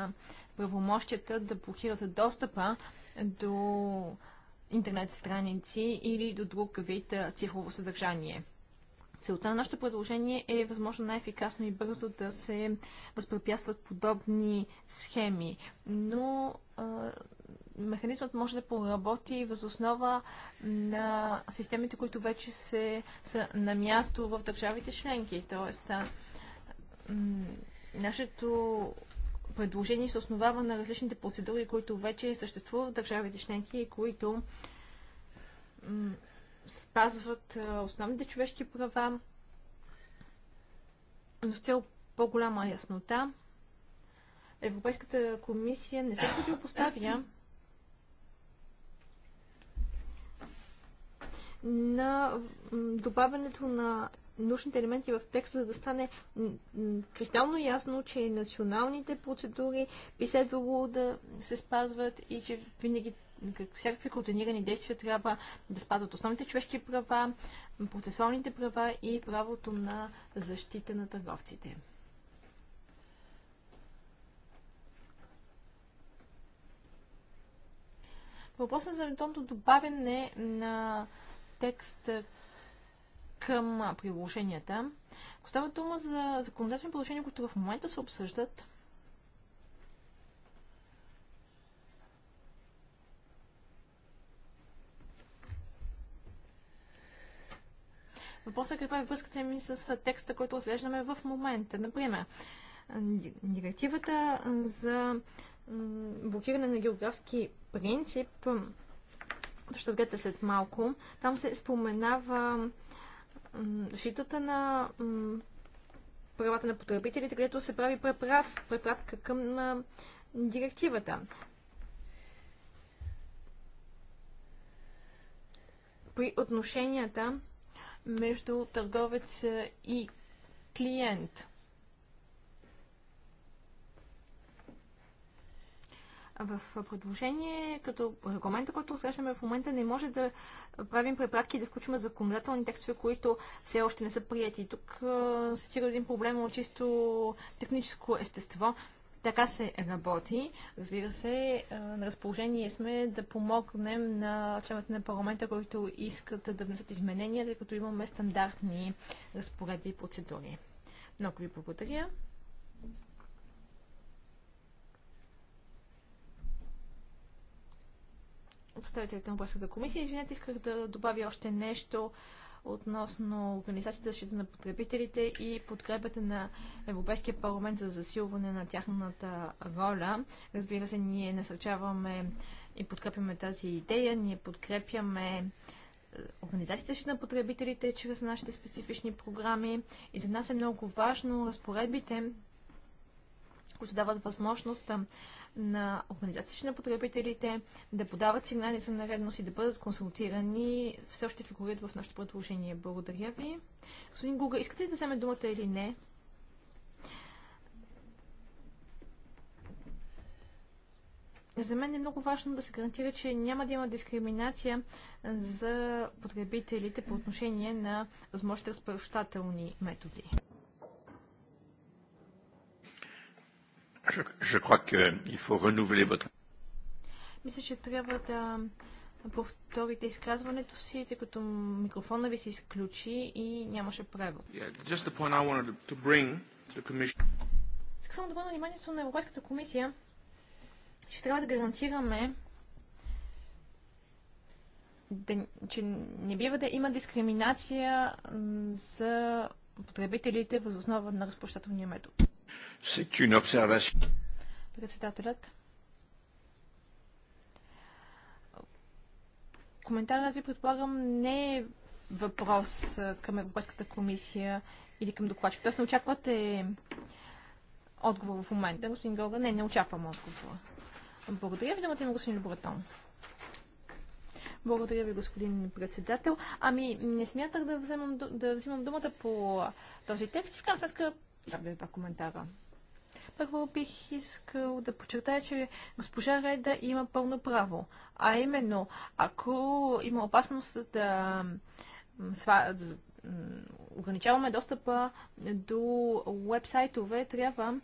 правомощията да блокират достъпа до интернет страници или до друг вид цифрово съдържание. Целта на нашето предложение е възможно най-ефикасно и бързо да се възпрепятстват подобни схеми, но а, механизмът може да поработи възоснова на системите, които вече се, са на място в държавите членки. Тоест, а, нашето предложение се основава на различните процедури, които вече съществуват в държавите членки и които спазват е, основните човешки права, но с цел по-голяма яснота. Европейската комисия не се противопоставя на добавянето на нужните елементи в текста, за да стане кристално ясно, че националните процедури би следвало да се спазват и че винаги всякакви координирани действия трябва да спазват основните човешки права, процесуалните права и правото на защита на търговците. Въпросът за редонното добавяне на текст към приложенията. Остава дума за законодателни положения, които в момента се обсъждат. Въпросът е каква е връзката ми с текста, който разглеждаме в момента. Например, директивата за блокиране на географски принцип, ще вгледате след малко, там се споменава защитата на правата на потребителите, където се прави преправ, препратка към директивата. При отношенията между търговец и клиент. в предложение, като регламента, който срещаме в момента, не може да правим препратки и да включваме законодателни текстове, които все още не са прияти. Тук се стига един проблем от чисто техническо естество. Така се работи. Разбира се, на разположение сме да помогнем на членовете на парламента, които искат да внесат изменения, тъй като имаме стандартни разпоредби и процедури. Много ви благодаря. Представителите на Българската комисия, извинете, исках да добавя още нещо относно Организацията за защита на потребителите и подкрепата на Европейския парламент за засилване на тяхната роля. Разбира се, ние насърчаваме и подкрепяме тази идея, ние подкрепяме е, организацията на потребителите чрез нашите специфични програми. И за нас е много важно разпоредбите, които дават възможност е, на организациите на потребителите, да подават сигнали за наредност и да бъдат консултирани, все още фигурират в нашето предложение. Благодаря ви. Господин Гуга, искате ли да вземе думата или не? За мен е много важно да се гарантира, че няма да има дискриминация за потребителите по отношение на възможните разпръщателни методи. Je crois qu'il euh, faut renouveler votre... Мисля, че трябва да повторите изказването си, тъй като микрофона ви се изключи и нямаше превод. Иска Искам само да бъда вниманието на Европейската комисия, че трябва да гарантираме да, че не бива да има дискриминация за потребителите възоснова на разпочтателния метод. C'est une observation. Председателят. Коментарът ви, предполагам, не е въпрос към Европейската комисия или към докладчик. Тоест не очаквате отговор в момента, господин Голга? Не, не очаквам отговор. Благодаря ви, да имате господин Братон. Благодаря ви, господин председател. Ами, не смятах да, вземам, да взимам думата по този текст. В крайна сметка за коментара. Първо бих искал да подчертая, че госпожа Реда има пълно право. А именно, ако има опасност да ограничаваме достъпа до вебсайтове, трябва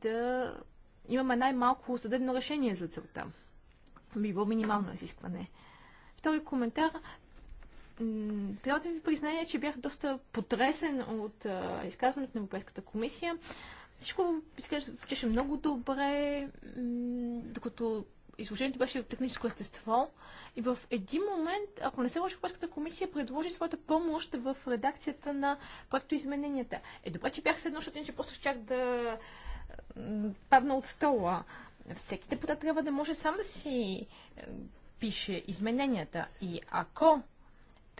да имаме най-малко съдебно решение за целта. Би било минимално изискване. Втори коментар трябва да ви призная, че бях доста потресен от а, изказването на Европейската комисия. Всичко звучеше много добре, докато изложението беше техническо естество. И в един момент, ако не се лъжа, Европейската комисия предложи своята помощ в редакцията на проекто измененията. Е, добре, че бях седнал, защото иначе просто щях да падна от стола. Всеки депутат трябва да може сам да си пише измененията. И ако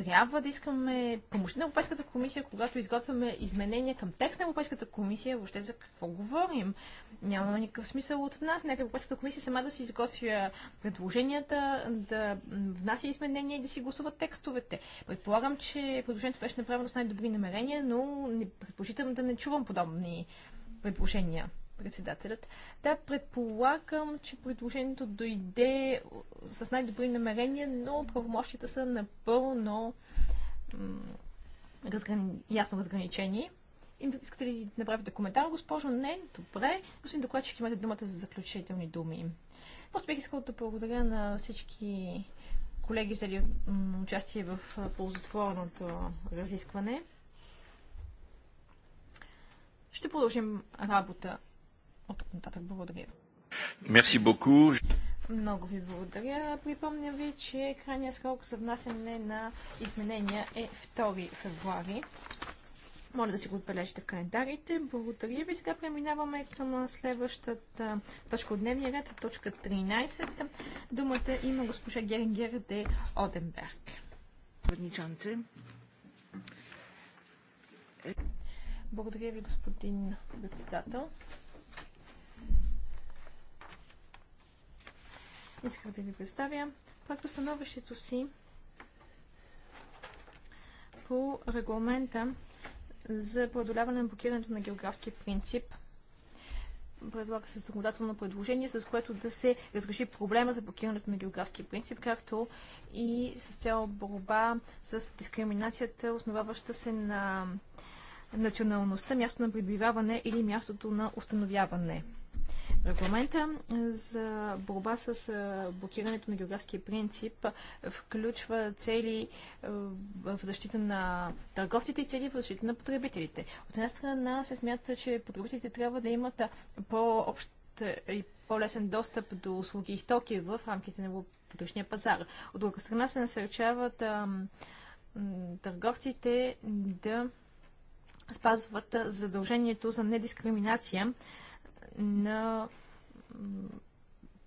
трябва да искаме помощ на Европейската комисия, когато изготвяме изменения към текст на Европейската комисия, въобще за какво говорим. Няма никакъв смисъл от нас. Нека Европейската комисия сама да си изготвя предложенията, да внася изменения и да си гласува текстовете. Предполагам, че предложението беше направено с най-добри намерения, но не предпочитам да не чувам подобни предложения председателят. Да, предполагам, че предложението дойде с най-добри намерения, но правомощите са напълно разграни... ясно разграничени. Искате ли да направите коментар, госпожо? Не, добре. Господин докладчик, имате думата за заключителни думи. Просто бих искал да благодаря на всички колеги, взели участие в ползотворното разискване. Ще продължим работа от нататък. Благодаря. Мерси боку. Много ви благодаря. Припомням ви, че крайният срок за внасяне на изменения е 2 февруари. Моля да си го отбележите в календарите. Благодаря ви. Сега преминаваме към следващата точка от дневния ред, точка 13. Думата има госпожа Герингер де Оденберг. Благодаря ви, господин председател. Исках да ви представя както становището си по регламента за преодоляване на блокирането на географски принцип. Предлага се законодателно предложение, с което да се разреши проблема за блокирането на географски принцип, както и с цяло борба с дискриминацията, основаваща се на националността, място на пребиваване или мястото на установяване. Регламента за борба с блокирането на географския принцип включва цели в защита на търговците и цели в защита на потребителите. От една страна се смята, че потребителите трябва да имат по-общ и по-лесен достъп до услуги и стоки в рамките на вътрешния пазар. От друга страна се насърчават търговците да спазват задължението за недискриминация на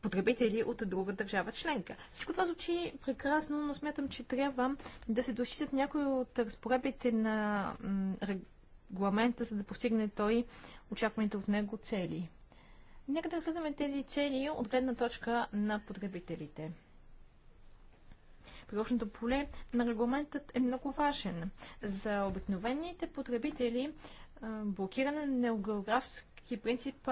потребители от друга държава членка. Всичко това звучи прекрасно, но смятам, че трябва да се дощитят някои от разпоредбите на регламента, за да постигне той очакваните от него цели. Нека да разгледаме тези цели от гледна точка на потребителите. Приложното поле на регламентът е много важен. За обикновените потребители блокиране на географски Европейски принцип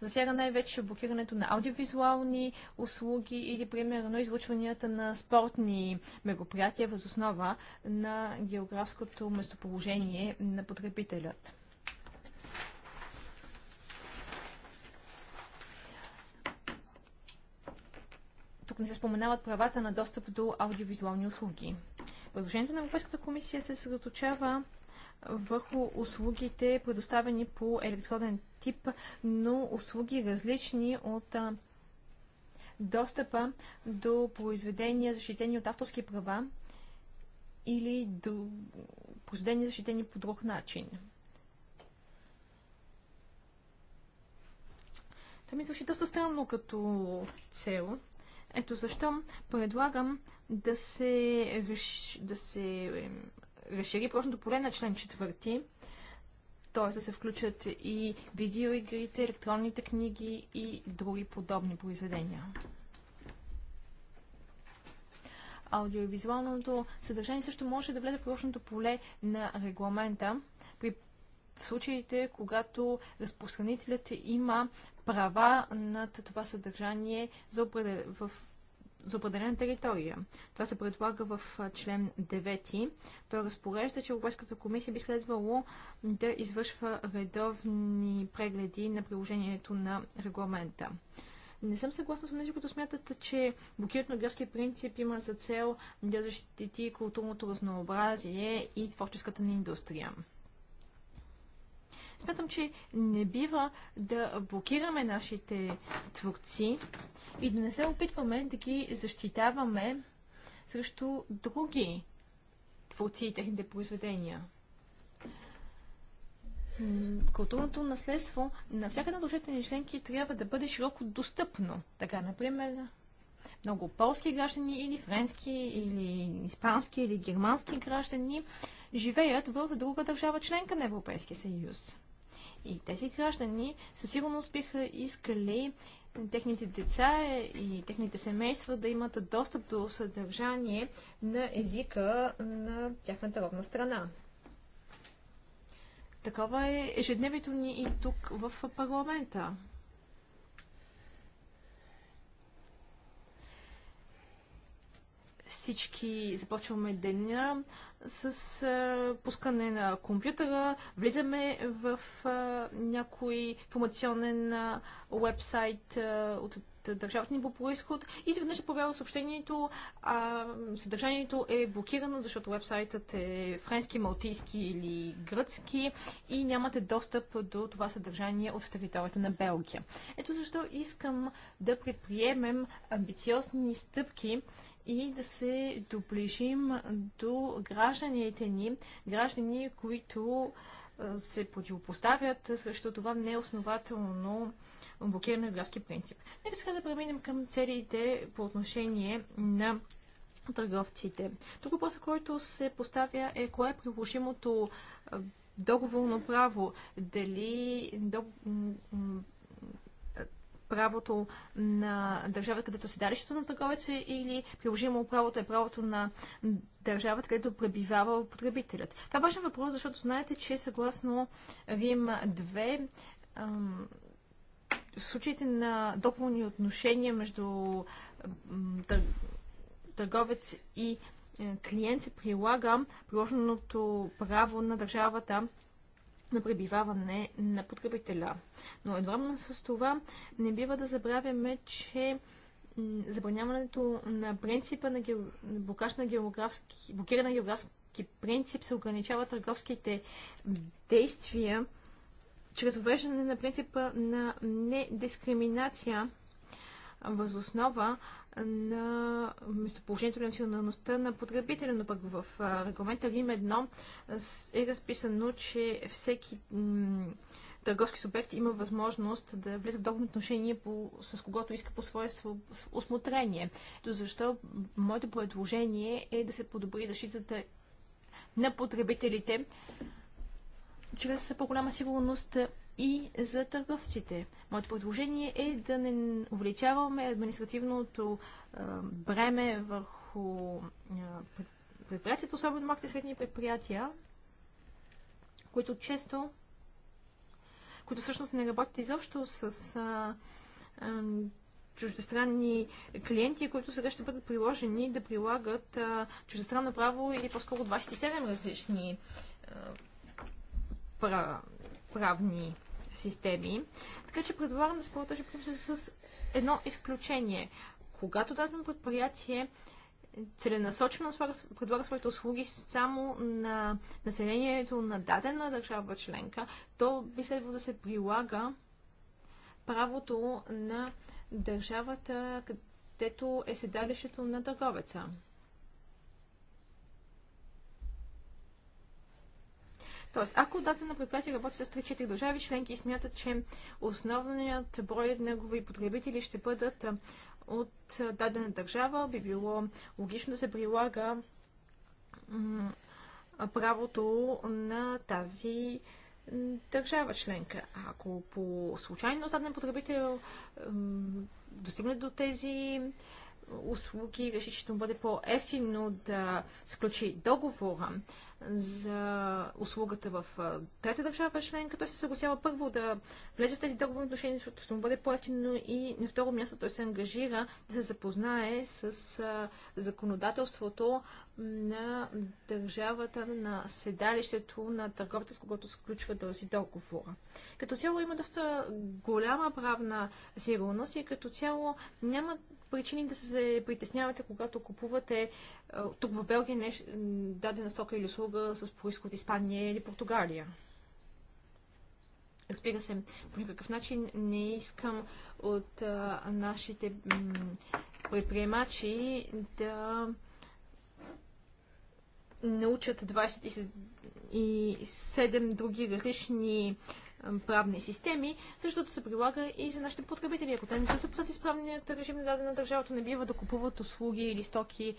засяга най-вече блокирането на аудиовизуални услуги или, примерно, излучванията на спортни мероприятия въз основа на географското местоположение на потребителят. Тук не се споменават правата на достъп до аудиовизуални услуги. Предложението на Европейската комисия се съсредоточава върху услугите, предоставени по електронен тип, но услуги различни от достъпа до произведения, защитени от авторски права или до произведения, защитени по друг начин. Това ми звучи доста странно като цел. Ето защо предлагам да се, да се разшири прочното поле на член 4, т.е. да се включат и видеоигрите, електронните книги и други подобни произведения. Аудиовизуалното съдържание също може да влезе в прочното поле на регламента при в случаите, когато разпространителят има права над това съдържание за определ... в за определена територия. Това се предлага в член 9. Той разпорежда, че Европейската комисия би следвало да извършва редовни прегледи на приложението на регламента. Не съм съгласна с тези, които смятат, че блокирането на гръцкия принцип има за цел да защити културното разнообразие и творческата ни индустрия. Смятам, че не бива да блокираме нашите творци и да не се опитваме да ги защитаваме срещу други творци и техните произведения. Културното наследство на всяка една душата ни членки трябва да бъде широко достъпно. Така, например, много полски граждани или френски, или испански, или германски граждани живеят в друга държава членка на Европейския съюз. И тези граждани със сигурност биха искали техните деца и техните семейства да имат достъп до съдържание на езика на тяхната родна страна. Такова е ежедневието ни и тук в парламента. всички започваме деня с а, пускане на компютъра, влизаме в а, някой информационен уебсайт. вебсайт от държавата ни по происход. И изведнъж се появява съобщението, а съдържанието е блокирано, защото вебсайтът е френски, малтийски или гръцки и нямате достъп до това съдържание от територията на Белгия. Ето защо искам да предприемем амбициозни стъпки и да се доближим до гражданите ни, граждани, които се противопоставят срещу това неоснователно блокиране на градски принцип. Нека сега да преминем към целите по отношение на търговците. Тук въпросът, който се поставя е кое е приложимото договорно право. Дали до... правото на държавата, където седалището на търговеца или приложимо правото е правото на държавата, където пребивава потребителят. Това е важен въпрос, защото знаете, че съгласно Рим 2 случаите на договорни отношения между търговец и е, клиент се прилага приложеното право на държавата на пребиваване на потребителя. Но едновременно с това не бива да забравяме, че забраняването на принципа на, блокаж на географски, блокиране на географски принцип се ограничава търговските действия чрез въвеждане на принципа на недискриминация възоснова на местоположението на националността на потребителя, но пък в регламента Рим 1 е разписано, че всеки търговски субект има възможност да влиза в договорно отношение по, с когото иска по свое осмотрение. То защо моето предложение е да се подобри защитата на потребителите чрез по-голяма сигурност и за търговците. Моето предложение е да не увеличаваме административното бреме върху предприятията, особено малките и средни предприятия, които често, които всъщност не работят изобщо с а, а, чуждестранни клиенти, които сега ще бъдат приложени да прилагат а, чуждестранно право или по-скоро 27 различни а, правни системи. Така че предлагам да се продължи с едно изключение. Когато дадено предприятие целенасочено предлага своите услуги само на населението на дадена държава членка, то би следвало да се прилага правото на държавата, където е седалището на търговеца. Тоест, ако дата на предприятие работи с 3-4 държави членки и смятат, че основният брой негови потребители ще бъдат от дадена държава, би било логично да се прилага правото на тази държава членка. Ако по случайно даден потребител достигне до тези услуги, реши, че му бъде по-ефтино да сключи договора за услугата в трета държава членка, той се съгласява първо да влезе в тези договорни отношения, защото ще му бъде по-ефтино и на второ място той се ангажира да се запознае с законодателството на държавата на седалището на търговата, с когото сключва този договор. Като цяло има доста голяма правна сигурност и като цяло няма причини да се притеснявате, когато купувате е, тук в Белгия неш... Е дадена стока или услуга с происход Испания или Португалия. Разбира се, по никакъв начин не искам от а, нашите предприемачи да научат 27 други различни правни системи, същото се прилага и за нашите потребители. Ако те не са запознати с правният режим на дадена държава, то не бива да купуват услуги или стоки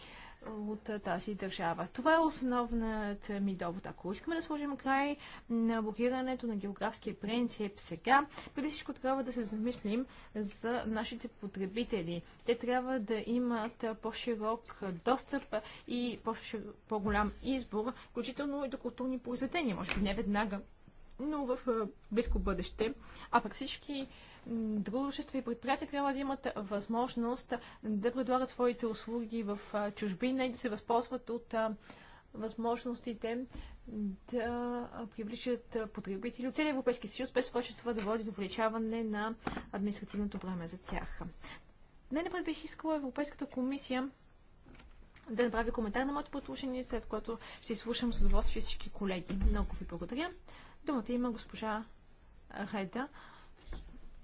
от тази държава. Това е основният ми довод. Ако искаме да сложим край на блокирането на географския принцип сега, преди всичко трябва да се замислим за нашите потребители. Те трябва да имат по-широк достъп и по-голям избор, включително и до културни произведения. Може би не веднага но в близко бъдеще. А пък всички дружества и предприятия трябва да имат възможност да предлагат своите услуги в чужбина и да се възползват от възможностите да привличат потребители от целия Европейски съюз, без това, че това да води до увеличаване на административното време за тях. Най-напред бих искала Европейската комисия да направи коментар на моето предложение, след което ще изслушам с удоволствие всички колеги. Много ви благодаря. Думата има госпожа Реда.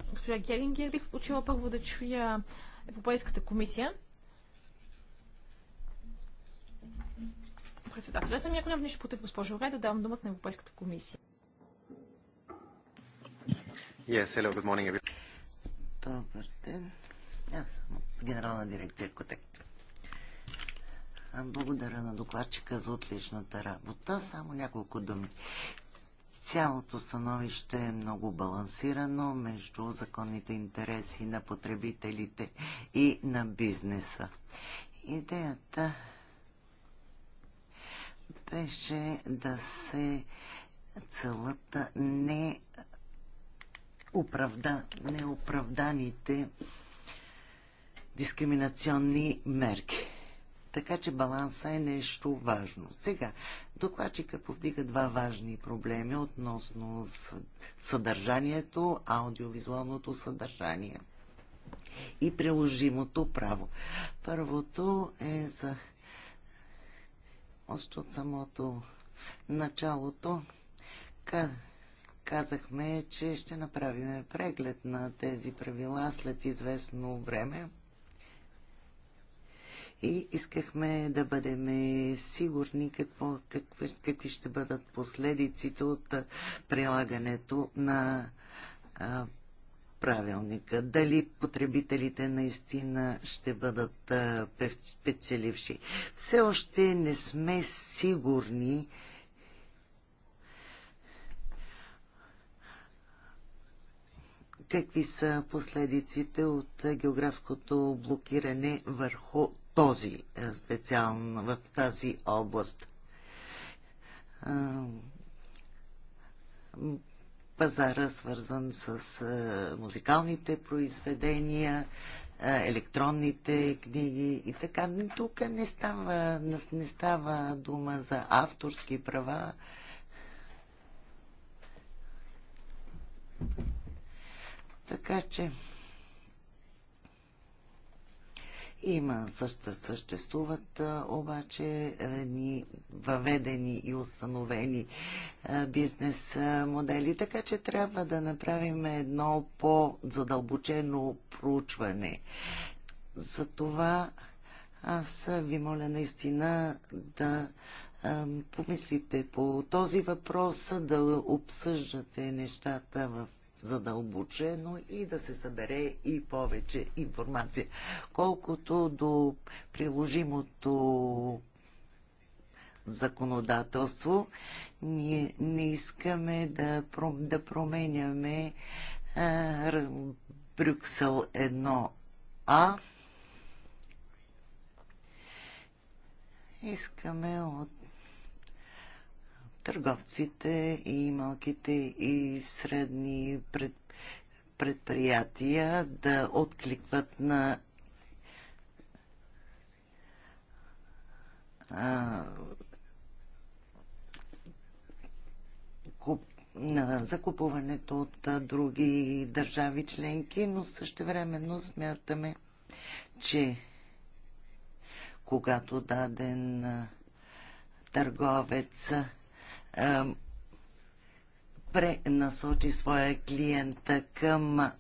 Госпожа Гелингер, бих почила първо да чуя Европейската комисия. Председателят е ми, ако няма нещо против госпожо Реда, давам думата на Европейската комисия. Yes, hello, good morning, Добър ден. Аз съм от Генерална дирекция Котек. Благодаря на докладчика за отличната работа. Само няколко думи. Цялото становище е много балансирано между законните интереси на потребителите и на бизнеса. Идеята беше да се целът не оправда, неоправданите дискриминационни мерки. Така че баланса е нещо важно. Сега, Докладчика повдига два важни проблеми относно съдържанието, аудиовизуалното съдържание и приложимото право. Първото е за още от самото началото казахме, че ще направим преглед на тези правила след известно време и искахме да бъдем сигурни какво, какви, какви ще бъдат последиците от прилагането на а, правилника. Дали потребителите наистина ще бъдат а, печеливши. Все още не сме сигурни какви са последиците от географското блокиране върху този е, специално, в тази област. Пазара, свързан с е, музикалните произведения, е, електронните книги и така. Тук не става, не става дума за авторски права. Така че. Има, съществуват обаче едни въведени и установени бизнес модели, така че трябва да направим едно по-задълбочено проучване. Затова аз ви моля наистина да помислите по този въпрос, да обсъждате нещата в задълбочено и да се събере и повече информация. Колкото до приложимото законодателство, ние не искаме да, да променяме е, а, Брюксел 1А. Искаме от търговците и малките и средни пред, предприятия да откликват на на закупуването от други държави членки, но времено смятаме, че когато даден търговец пренасочи своя клиент към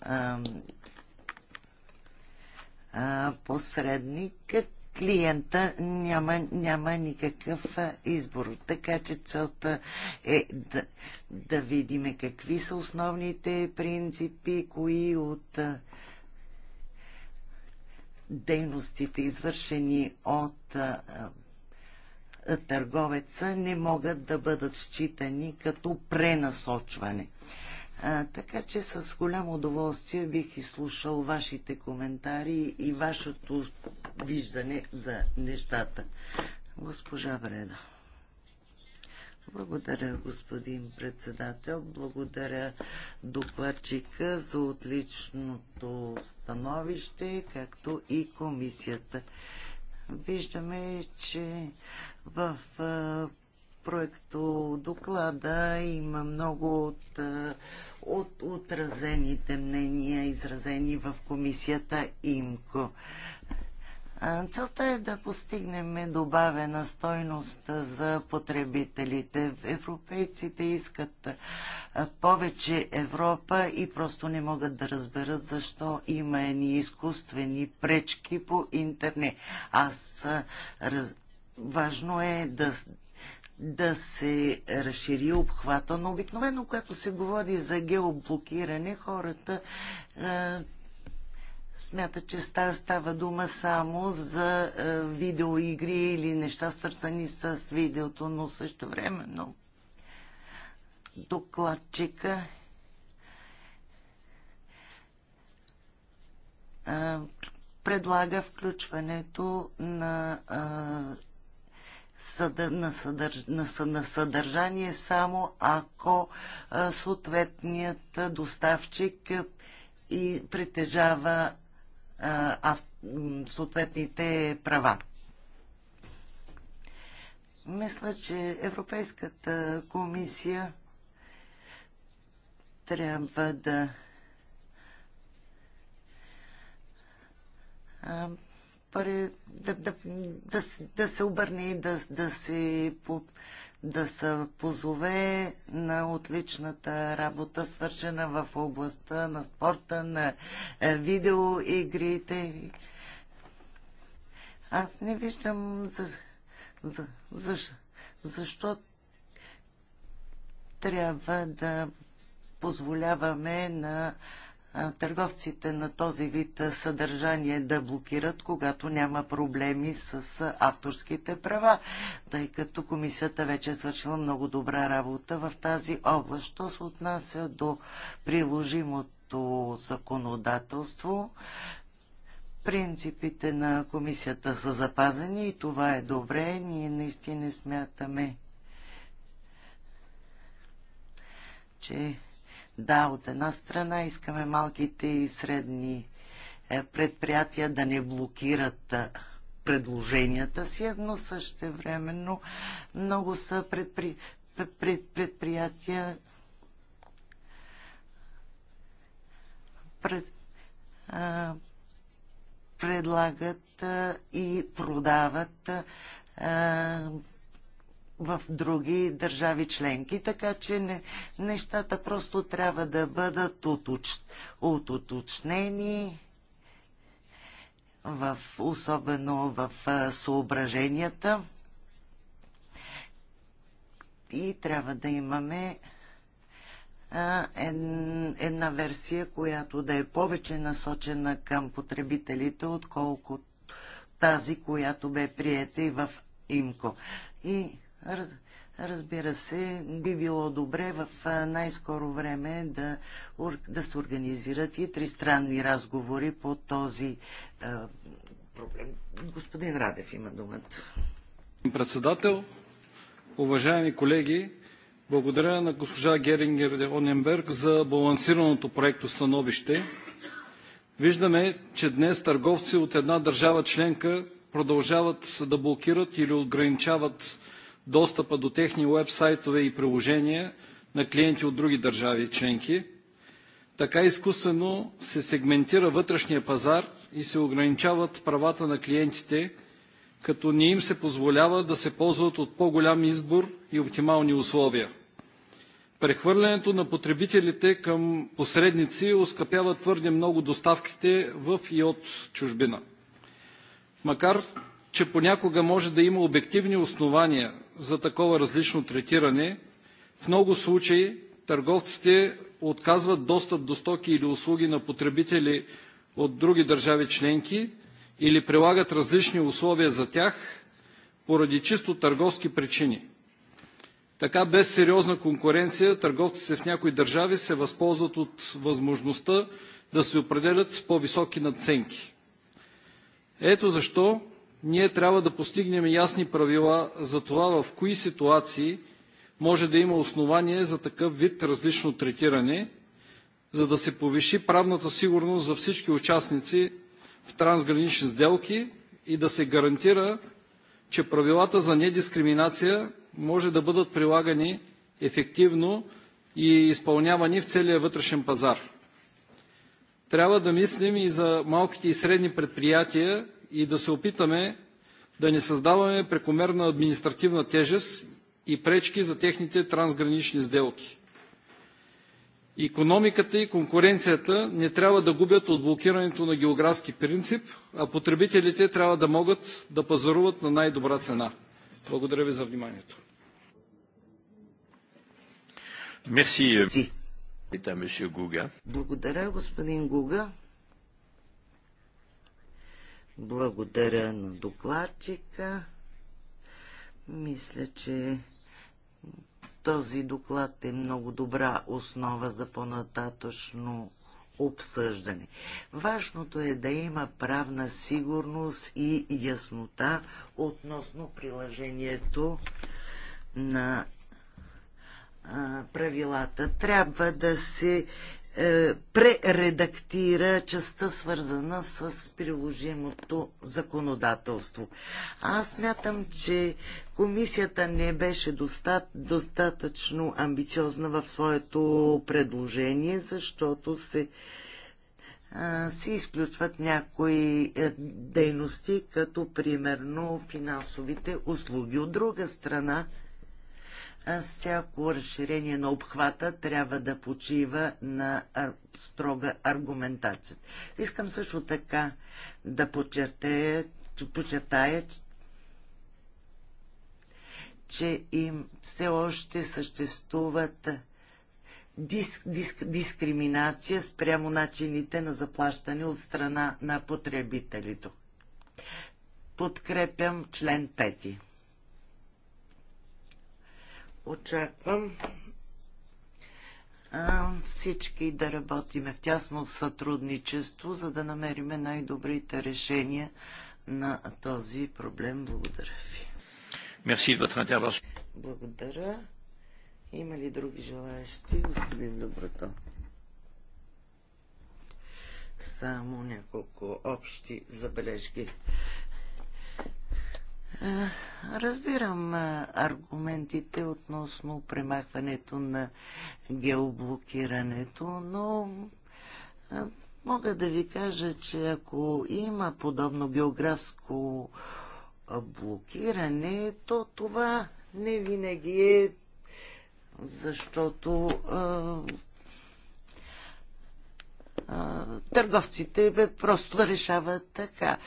посредник, клиента няма, няма никакъв избор. Така че целта е да, да видим какви са основните принципи, кои от дейностите, извършени от а, търговеца не могат да бъдат считани като пренасочване. А, така че с голямо удоволствие бих изслушал вашите коментари и вашето виждане за нещата. Госпожа Вреда. Благодаря, господин председател. Благодаря докладчика за отличното становище, както и комисията. Виждаме, че в проекто доклада има много от, от отразените мнения, изразени в комисията ИМКО. Целта е да постигнем добавена стойност за потребителите. Европейците искат повече Европа и просто не могат да разберат защо има едни изкуствени пречки по интернет. Аз важно е да, да се разшири обхвата, но обикновено, когато се говори за геоблокиране, хората е, смятат, че става дума само за е, видеоигри или неща свързани с видеото, но също времено докладчика е, предлага включването на е, съда, на, съдърж, на, на съдържание само ако съответният доставчик и притежава а, съответните права. Мисля, че Европейската комисия трябва да да, да, да, да се обърне, да, да, се, да се позове на отличната работа, свършена в областта на спорта, на е, видеоигрите. Аз не виждам за, за, за, защо трябва да позволяваме на търговците на този вид съдържание да блокират, когато няма проблеми с авторските права, тъй като комисията вече е свършила много добра работа в тази област. Що се отнася до приложимото законодателство, принципите на комисията са запазени и това е добре. Ние наистина смятаме, че да, от една страна искаме малките и средни е, предприятия да не блокират е, предложенията си, но също времено много са предпри... пред... предприятия пред... а... Е, предлагат а... и продават а в други държави членки, така че не, нещата просто трябва да бъдат уточ, уточнени в, особено в съображенията и трябва да имаме една версия, която да е повече насочена към потребителите, отколкото тази, която бе приета и в ИМКО. И Разбира се, би било добре в най-скоро време да, да се организират и тристранни разговори по този а, проблем. Господин Радев има думата. Председател, уважаеми колеги, благодаря на госпожа Герингер Оненберг за балансираното проекто становище. Виждаме, че днес търговци от една държава членка продължават да блокират или ограничават достъпа до техни уебсайтове и приложения на клиенти от други държави членки. Така изкуствено се сегментира вътрешния пазар и се ограничават правата на клиентите, като не им се позволява да се ползват от по-голям избор и оптимални условия. Прехвърлянето на потребителите към посредници оскъпява твърде много доставките в и от чужбина. Макар, че понякога може да има обективни основания за такова различно третиране, в много случаи търговците отказват достъп до стоки или услуги на потребители от други държави членки или прилагат различни условия за тях поради чисто търговски причини. Така без сериозна конкуренция търговците в някои държави се възползват от възможността да се определят по-високи надценки. Ето защо ние трябва да постигнем ясни правила за това в кои ситуации може да има основание за такъв вид различно третиране, за да се повиши правната сигурност за всички участници в трансгранични сделки и да се гарантира, че правилата за недискриминация може да бъдат прилагани ефективно и изпълнявани в целия вътрешен пазар. Трябва да мислим и за малките и средни предприятия, и да се опитаме да не създаваме прекомерна административна тежест и пречки за техните трансгранични сделки. Икономиката и конкуренцията не трябва да губят от блокирането на географски принцип, а потребителите трябва да могат да пазаруват на най-добра цена. Благодаря ви за вниманието. Euh, Благодаря, господин Гуга. Благодаря на докладчика. Мисля, че този доклад е много добра основа за по-нататъчно обсъждане. Важното е да има правна сигурност и яснота относно приложението на правилата. Трябва да се е, прередактира частта свързана с приложимото законодателство. Аз мятам, че комисията не беше достат, достатъчно амбициозна в своето предложение, защото се се изключват някои е, дейности, като примерно финансовите услуги. От друга страна, всяко разширение на обхвата трябва да почива на строга аргументация. Искам също така да подчертая, подчертая че им все още съществуват диск, диск, дискриминация спрямо начините на заплащане от страна на потребителите. Подкрепям член 5 очаквам всички да работиме в тясно сътрудничество, за да намерим най-добрите решения на този проблем. Благодаря ви. Мерси Благодаря. Има ли други желаящи, господин Доброто? Само няколко общи забележки. Е, разбирам е, аргументите относно премахването на геоблокирането, но е, мога да ви кажа, че ако има подобно географско блокиране, то това не винаги е защото а, а, търговците просто решават така.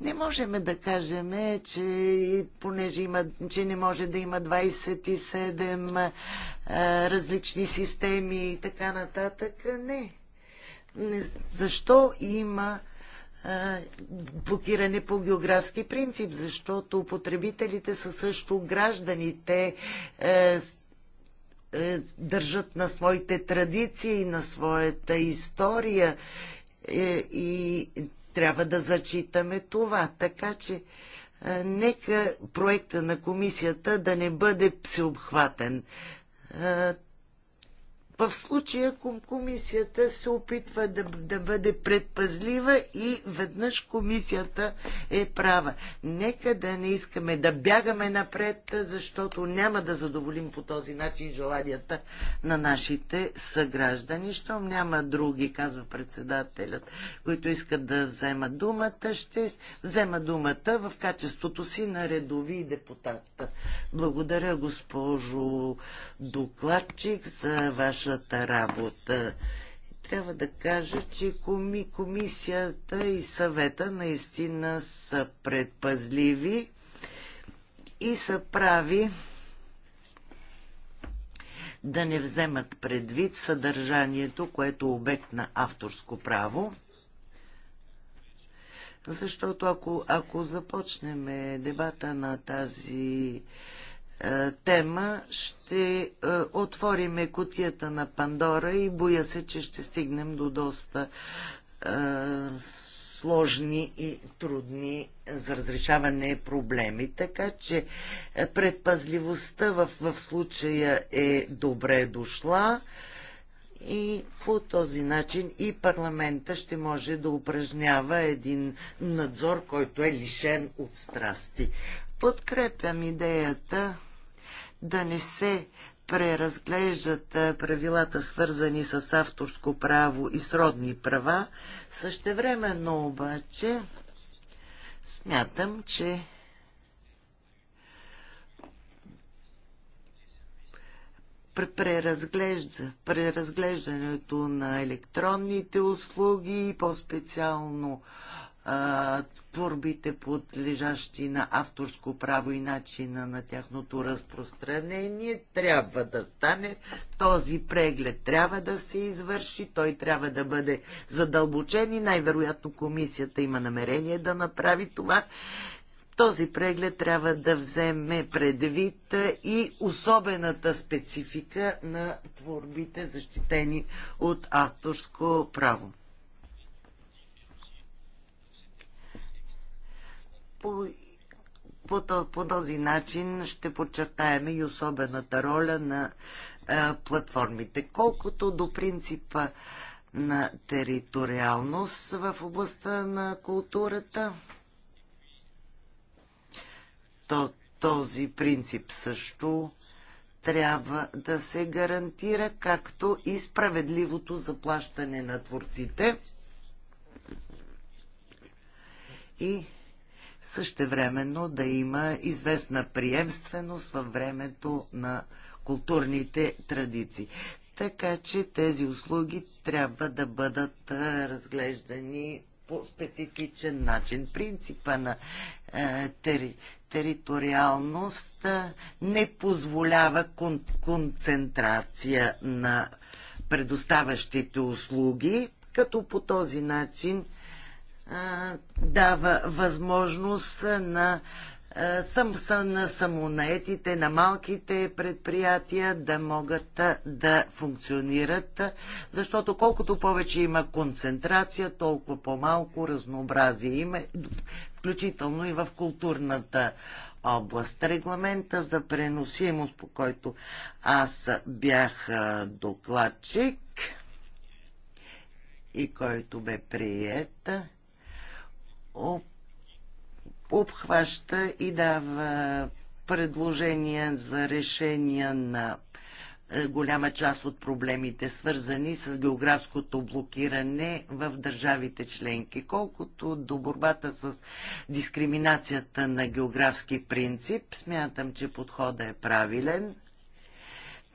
Не можем да кажем, че понеже има, че не може да има 27 а, различни системи и така нататък. Не. не защо има блокиране по географски принцип, защото потребителите са също гражданите, е, е, държат на своите традиции, на своята история е, и трябва да зачитаме това. Така че а, нека проекта на комисията да не бъде всеобхватен. В случая комисията се опитва да, да бъде предпазлива и веднъж комисията е права. Нека да не искаме да бягаме напред, защото няма да задоволим по този начин желанията на нашите съграждани. Щом няма други, казва председателят, които искат да вземат думата, ще взема думата в качеството си на редови депутат. Благодаря, госпожо докладчик, за ваша нашата работа. Трябва да кажа, че коми, комисията и съвета наистина са предпазливи и са прави да не вземат предвид съдържанието, което е обект на авторско право. Защото ако, ако започнем дебата на тази е, тема ще е, отвориме кутията на Пандора и боя се, че ще стигнем до доста е, сложни и трудни за разрешаване проблеми. Така че предпазливостта в, в случая е добре дошла и по този начин и парламента ще може да упражнява един надзор, който е лишен от страсти. Подкрепям идеята да не се преразглеждат правилата свързани с авторско право и сродни права. Същевременно обаче смятам, че преразглежда, преразглеждането на електронните услуги и по-специално творбите подлежащи на авторско право и начина на тяхното разпространение трябва да стане. Този преглед трябва да се извърши, той трябва да бъде задълбочен и най-вероятно комисията има намерение да направи това. Този преглед трябва да вземе предвид и особената специфика на творбите, защитени от авторско право. по, по, по този начин ще подчертаем и особената роля на а, е, платформите. Колкото до принципа на териториалност в областта на културата, то този принцип също трябва да се гарантира, както и справедливото заплащане на творците. И същевременно да има известна приемственост във времето на културните традиции. Така че тези услуги трябва да бъдат разглеждани по специфичен начин. Принципа на е, тери, териториалност не позволява кон, концентрация на предоставящите услуги, като по този начин дава възможност на на самонаетите, на малките предприятия да могат да функционират, защото колкото повече има концентрация, толкова по-малко разнообразие има, включително и в културната област. Регламента за преносимост, по който аз бях докладчик и който бе прият, обхваща и дава предложения за решения на е, голяма част от проблемите, свързани с географското блокиране в държавите членки. Колкото до борбата с дискриминацията на географски принцип, смятам, че подходът е правилен.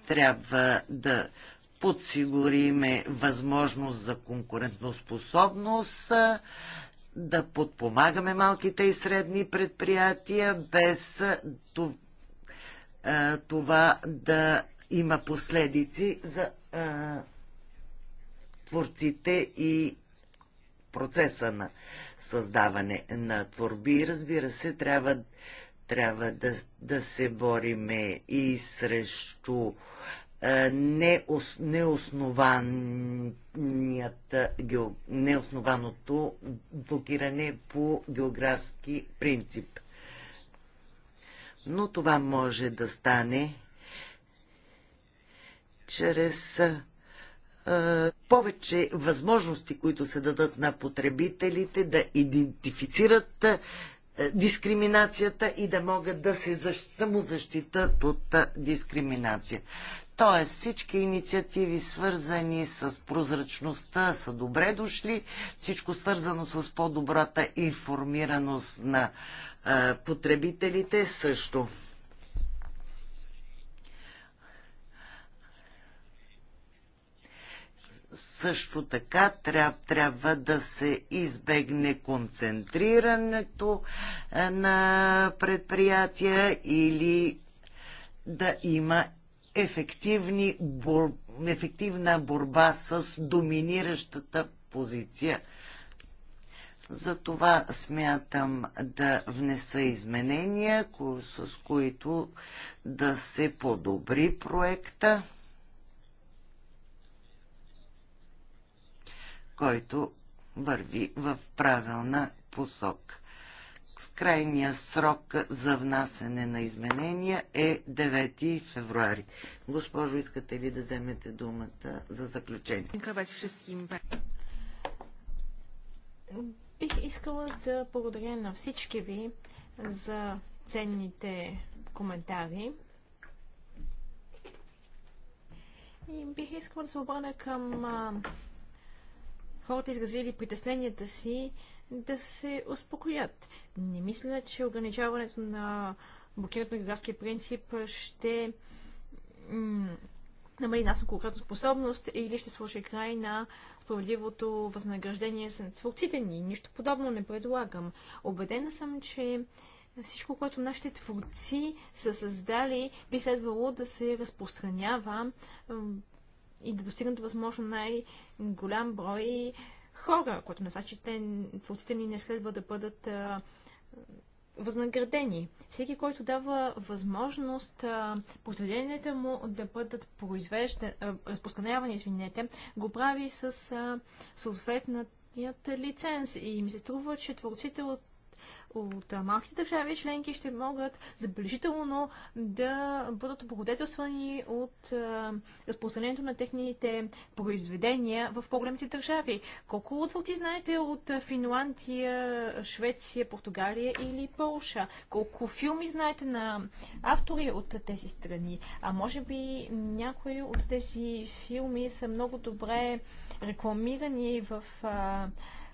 Трябва да подсигуриме възможност за конкурентоспособност, да подпомагаме малките и средни предприятия, без това да има последици за творците и процеса на създаване на творби. Разбира се, трябва, трябва да, да се бориме и срещу е, е, неоснованото блокиране по географски принцип. Но това може да стане чрез е, повече възможности, които се дадат на потребителите да идентифицират е, дискриминацията и да могат да се самозащитат от е, дискриминация. Тоест всички инициативи, свързани с прозрачността, са добре дошли. Всичко свързано с по-добрата информираност на е, потребителите също. също така трябва, трябва да се избегне концентрирането е, на предприятия или да има ефективни, бор, ефективна борба с доминиращата позиция. Затова смятам да внеса изменения, с които да се подобри проекта който върви в правилна посок. С крайния срок за внасене на изменения е 9 февруари. Госпожо, искате ли да вземете думата за заключение? Бих искала да благодаря на всички ви за ценните коментари. И бих искала да се обърна към хората изразили притесненията си да се успокоят. Не мисля, че ограничаването на блокирането на географския принцип ще намали нас на конкретна способност или ще сложи край на справедливото възнаграждение за творците ни. Нищо подобно не предлагам. Обедена съм, че всичко, което нашите творци са създали, би следвало да се разпространява и да достигнат възможно най-голям брой хора, което не значи, че творците ни не следва да бъдат а, възнаградени. Всеки, който дава възможност произведенията му да бъдат произвежда, разпространявани, извинете, го прави с а, лиценз. И ми се струва, че творците от от малките държави членки ще могат забележително да бъдат облагодетелствани от разпространението на техните произведения в по-големите държави. Колко вълци знаете от Финландия, Швеция, Португалия или Полша? Колко филми знаете на автори от тези страни? А може би някои от тези филми са много добре рекламирани в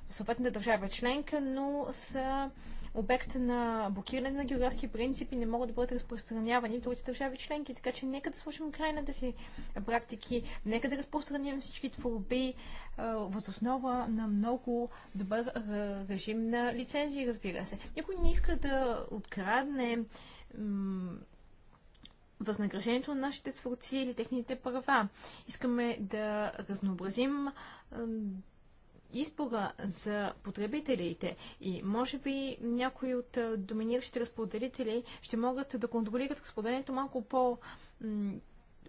съответната държава е членка, но са обект на блокиране на географски принципи не могат да бъдат разпространявани в другите държави членки. Така че нека да сложим крайната си практики, нека да разпространим всички творби е, възоснова на много добър е, режим на лицензии, разбира се. Никой не иска да открадне възнаграждението на нашите творци или техните права. Искаме да разнообразим избора за потребителите и може би някои от доминиращите разпределители ще могат да контролират разпределението малко по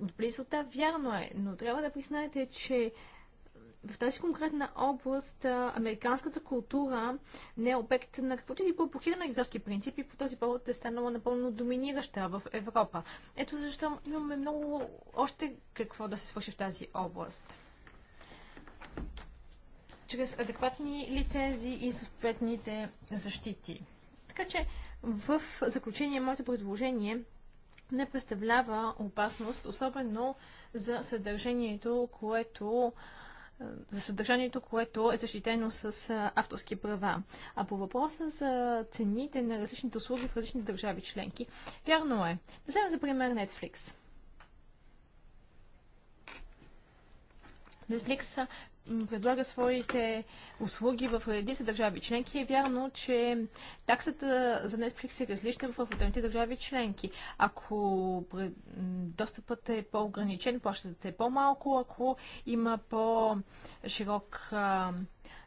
отблизо. Да, вярно е, но трябва да признаете, че в тази конкретна област американската култура не е обект на каквото и да на похиране принцип принципи, по този повод е станала напълно доминираща в Европа. Ето защо имаме много още какво да се свърши в тази област чрез адекватни лицензии и съответните защити. Така че в заключение моето предложение не представлява опасност, особено за съдържанието, което е, за съдържанието, което е защитено с е, авторски права. А по въпроса за цените на различните услуги в различни държави членки, вярно е. Да вземем за пример Netflix. Netflix предлага своите услуги в редица държави членки, е вярно, че таксата за Netflix е различна в отделните държави членки. Ако достъпът е по-ограничен, плащате е по-малко, ако има по-широк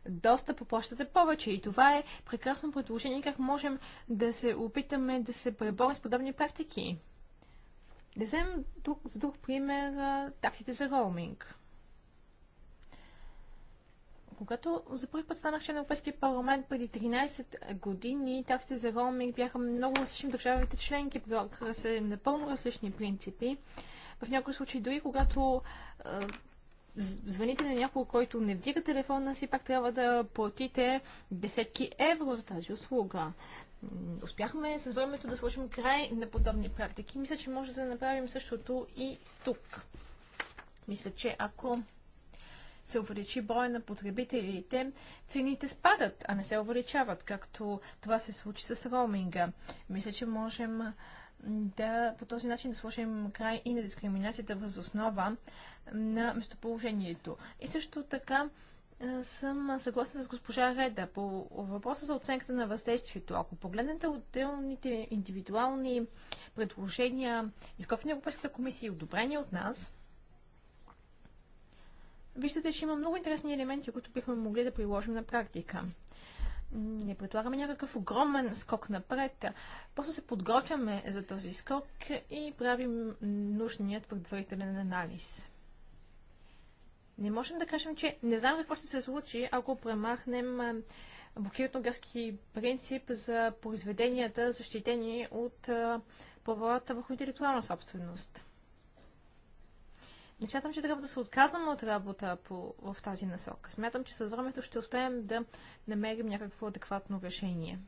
достъп, е повече. И това е прекрасно предложение как можем да се опитаме да се преборим с подобни практики. Да вземем друг, за друг пример таксите за роуминг когато за първи път станах член на Европейския парламент преди 13 години, таксите за роуминг бяха много различни в държавите членки, прилагаха се напълно различни принципи. В някои случаи, дори когато звъните на някого, който не вдига телефона си, пак трябва да платите десетки евро за тази услуга. Успяхме с времето да сложим край на подобни практики. Мисля, че може да направим същото и тук. Мисля, че ако се увеличи броя на потребителите, цените спадат, а не се увеличават, както това се случи с роуминга. Мисля, че можем да по този начин да сложим край и на дискриминацията въз основа на местоположението. И също така съм съгласна с госпожа Реда по въпроса за оценката на въздействието. Ако погледнете отделните индивидуални предложения, изготвени от Европейската комисия и одобрени от нас, виждате, че има много интересни елементи, които бихме могли да приложим на практика. Не предлагаме някакъв огромен скок напред, просто се подготвяме за този скок и правим нужният предварителен анализ. Не можем да кажем, че не знам какво ще се случи, ако премахнем блокиратно унгарски принцип за произведенията, защитени от правилата върху интелектуална собственост. Не смятам, че трябва да се отказваме от работа по, в тази насока. Смятам, че с времето ще успеем да намерим някакво адекватно решение.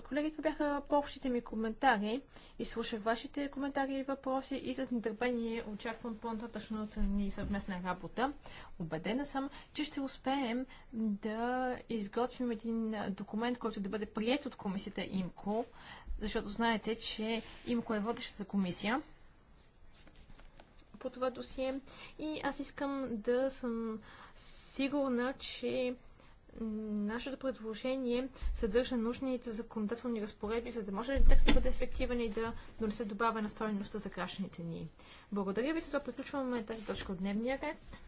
Колеги, това бяха по-общите ми коментари. Изслушах вашите коментари и въпроси и с нетърпение очаквам по-нататъчната ни съвместна работа. Обедена съм, че ще успеем да изготвим един документ, който да бъде прият от комисията ИМКО, защото знаете, че ИМКО е водещата комисия по това досие и аз искам да съм сигурна, че Нашето предложение съдържа нужните законодателни разпоредби, за да може текст да бъде ефективен и да донесе добавена стоеност за гражданите ни. Благодаря ви, с това приключваме тази точка от дневния ред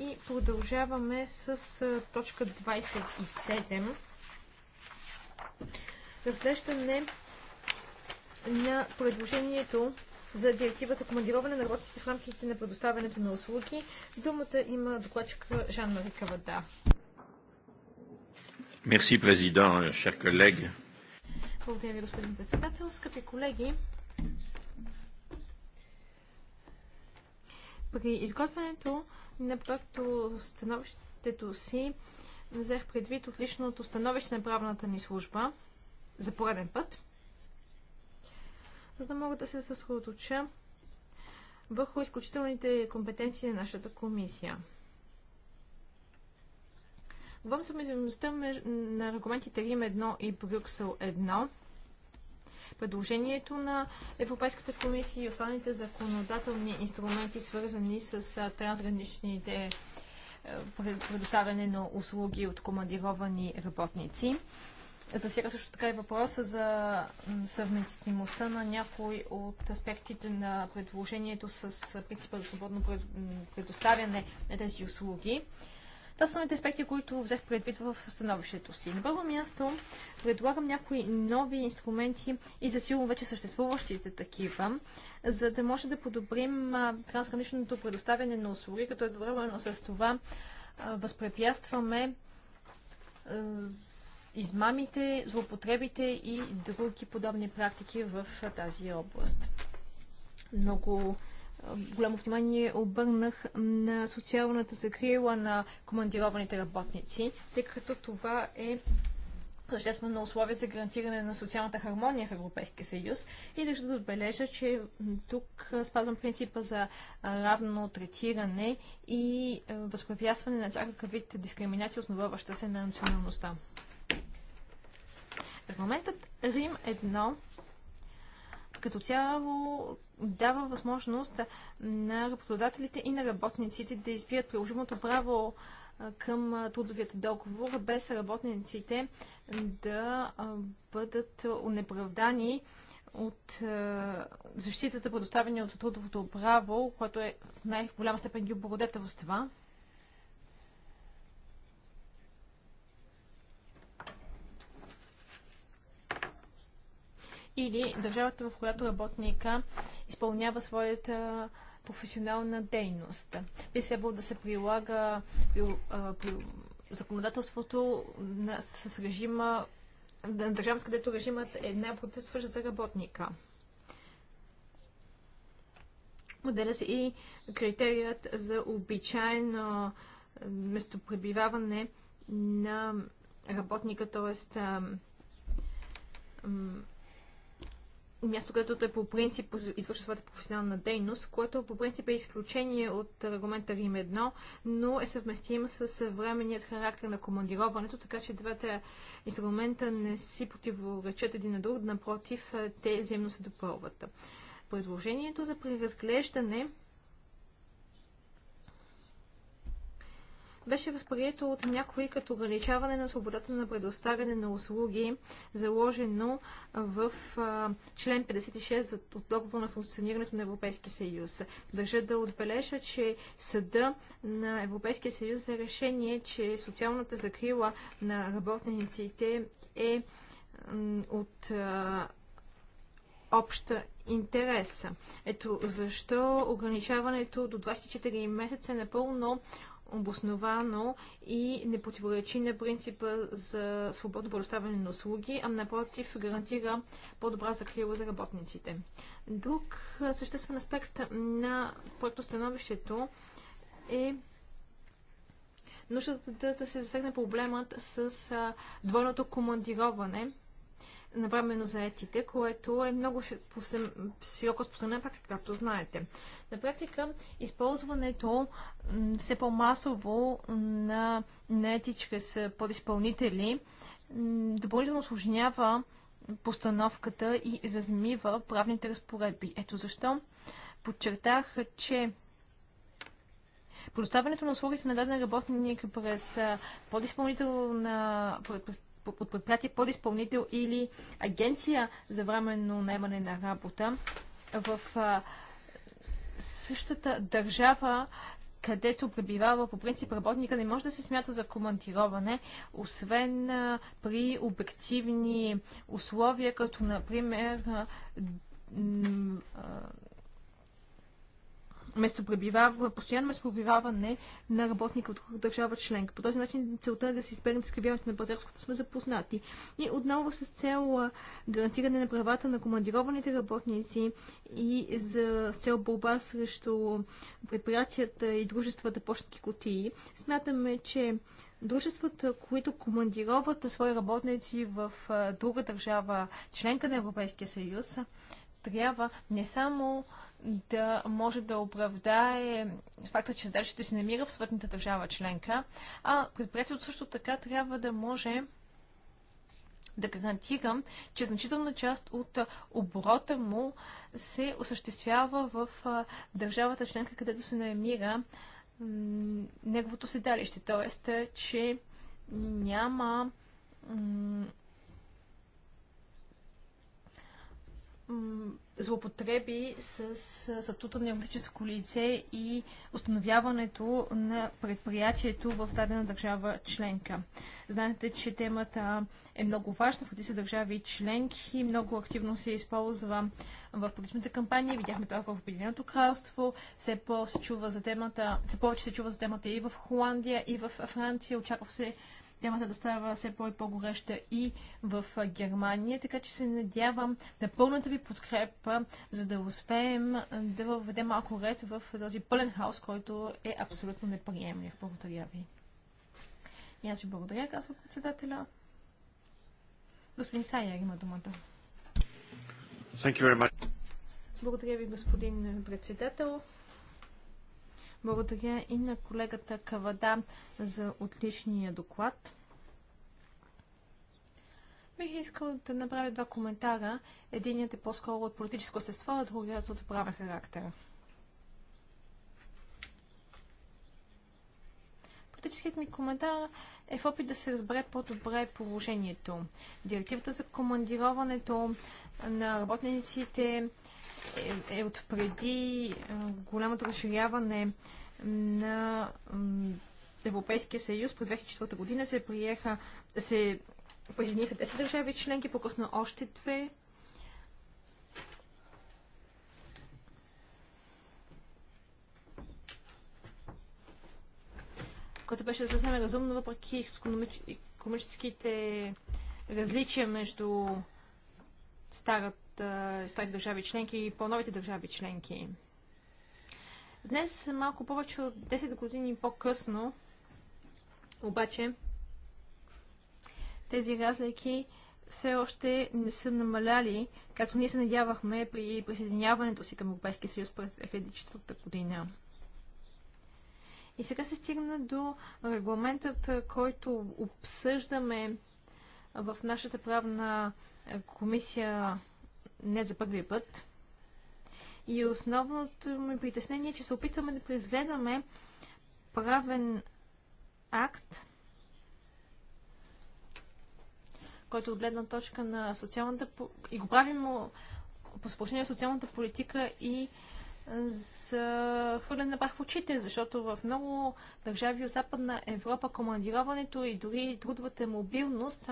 и продължаваме с точка 27. Разглеждане на предложението за директива за командироване на работците в рамките на предоставянето на услуги. Думата има докладчика Жан-Мари Кавада. Мерси, президент, шер колеги. Благодаря ви, господин председател. Скъпи колеги, при изготвянето на проекто становището си взех предвид личното становище на правната ни служба за пореден път, за да мога да се съсредоточа върху изключителните компетенции на нашата комисия. В за на регламентите Рим 1 и Брюксел 1. Предложението на Европейската комисия и останалите законодателни инструменти, свързани с трансграничните предоставяне на услуги от командировани работници. Засяга също така и въпроса за съвместимостта на някои от аспектите на предложението с принципа за свободно предоставяне на тези услуги. Това са новите аспекти, които взех предвид в становището си. На първо място предлагам някои нови инструменти и засилвам вече съществуващите такива, за да може да подобрим трансграничното предоставяне на услуги, като едновременно с това възпрепятстваме измамите, злоупотребите и други подобни практики в тази област. Много голямо внимание обърнах на социалната закрила на командированите работници, тъй като това е съществено условие за гарантиране на социалната хармония в Европейския съюз. И държа да отбележа, че тук спазвам принципа за равно третиране и е, възпрепятстване на всякакъв вид дискриминация, основаваща се на националността. Регламентът Рим 1 като цяло дава възможност на работодателите и на работниците да избият приложимото право към трудовият договор, без работниците да бъдат унеправдани от защитата, предоставени от трудовото право, което е в най-голяма степен ги облагодетелства. или държавата, в която работника изпълнява своята професионална дейност. Би следвало да се прилага при, а, при законодателството на, с режима на държавата, където режимът е най-протестващ за работника. Моделя се и критерият за обичайно местопребиваване на работника, т.е място, където той по принцип извършва своята професионална дейност, което по принцип е изключение от регламента Рим 1, но е съвместим с временният характер на командироването, така че двата инструмента не си противоречат един на друг, напротив, те взаимно се допълват. Предложението за преразглеждане беше възприето от някои като ограничаване на свободата на предоставяне на услуги, заложено в а, член 56 от договор на функционирането на Европейския съюз. Държа да отбележа, че съда на Европейския съюз е решение, че социалната закрила на работниците е от обща интереса. Ето защо ограничаването до 24 месеца е напълно обосновано и не противоречи на принципа за свободно предоставяне на услуги, а напротив гарантира по-добра закрила за работниците. Друг съществен аспект на проектостановището е нуждата да, се засегне проблемът с двойното командироване – на на заетите, което е много широко спознана практика, както знаете. На практика използването все по-масово на наети чрез подизпълнители допълнително осложнява постановката и размива правните разпоредби. Ето защо подчертах, че Предоставянето на услугите на даден работник през подиспълнител на под предприятие под изпълнител или агенция за временно наемане на работа в а, същата държава, където пребивава по принцип работника, не може да се смята за командироване, освен а, при обективни условия, като например а, местопребиваване, постоянно местопребиваване на работника от друга държава членка. По този начин целта е да се избегне дискриминацията на пазар, с сме запознати. И отново с цел гарантиране на правата на командированите работници и за цел борба срещу предприятията и дружествата почтки кутии, смятаме, че дружествата, които командироват свои работници в друга държава, членка на Европейския съюз, трябва не само да може да оправдае факта, че задачата се намира в съответната държава членка, а предприятието също така трябва да може да гарантирам, че значителна част от оборота му се осъществява в държавата членка, където се намира неговото седалище. Тоест, че няма злоупотреби с статута на юридическо лице и установяването на предприятието в дадена държава членка. Знаете, че темата е много важна в тези държави членки, много активно се използва в политичната кампания, видяхме това в Обединеното кралство, все, по се чува за темата, все повече се чува за темата и в Холандия, и в Франция, очаква се темата да става все по- и по-гореща и в Германия, така че се надявам на пълната ви подкрепа, за да успеем да въведем малко ред в този пълен хаос, който е абсолютно неприемлив. Благодаря ви. И аз ви благодаря, казва председателя. Господин Сайер има думата. Thank you very much. Благодаря ви, господин председател. Благодаря и на колегата Кавада за отличния доклад. Бих искал да направя два коментара. Единият е по-скоро от политическо естество, а другият от правен характер. Практическият ми коментар е в опит да се разбере по-добре положението. Директивата за командироването на работниците е, отпреди от преди е, голямото разширяване на Европейския съюз през 2004 година се приеха, се присъединиха 10 държави членки, по-късно още две което беше съвсем разумно, въпреки економическите различия между старата, старите държави членки и по-новите държави членки. Днес, е малко повече от 10 години по-късно, обаче, тези разлики все още не са намаляли, както ние се надявахме при присъединяването си към Европейския съюз през 2004 година. И сега се стигна до регламентът, който обсъждаме в нашата правна комисия не за първи път. И основното ми притеснение е, че се опитваме да произгледаме правен акт, който от гледна точка на социалната... и го правим по споръчение социалната политика и за хвърляне на пах в очите, защото в много държави от Западна Европа командироването и дори трудовата мобилност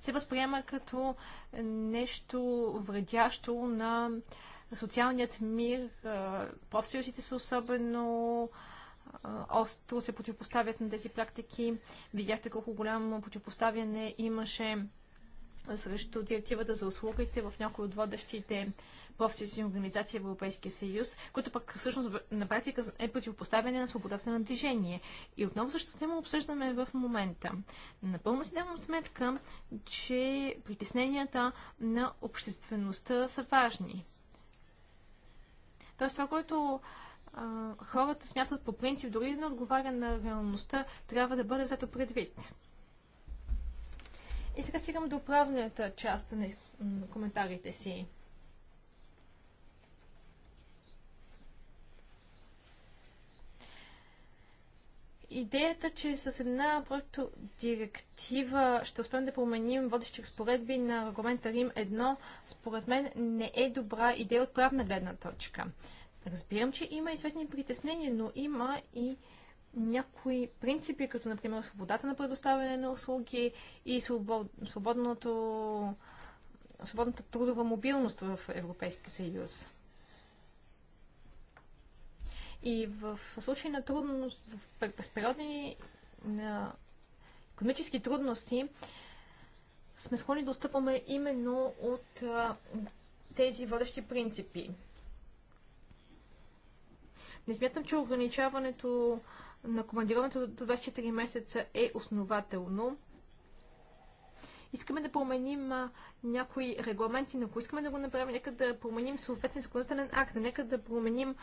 се възприема като нещо вредящо на социалният мир. Профсъюзите са особено остро се противопоставят на тези практики. Видяхте колко голямо противопоставяне имаше срещу директивата за услугите в някои от водещите профсъюзни организации в Европейския съюз, което пък всъщност на практика е противопоставяне на свободата на движение. И отново същата тема обсъждаме в момента. Напълно си давам сметка, че притесненията на обществеността са важни. Тоест това, което а, хората смятат по принцип, дори да не отговаря на реалността, трябва да бъде взето предвид. И сега стигам до правната част на коментарите си. идеята, че с една проекто директива ще успеем да променим водещи разпоредби на регламента Рим 1, според мен не е добра идея от правна гледна точка. Разбирам, че има известни притеснения, но има и някои принципи, като например свободата на предоставяне на услуги и свободното... свободната трудова мобилност в Европейския съюз. И в случай на трудност, в безпериодни на економически трудности, сме склонни да отстъпваме именно от тези водещи принципи. Не смятам, че ограничаването на командироването до 24 месеца е основателно. Искаме да променим а, някои регламенти, но ако искаме да го направим, нека да променим съответния законодателен акт, нека да променим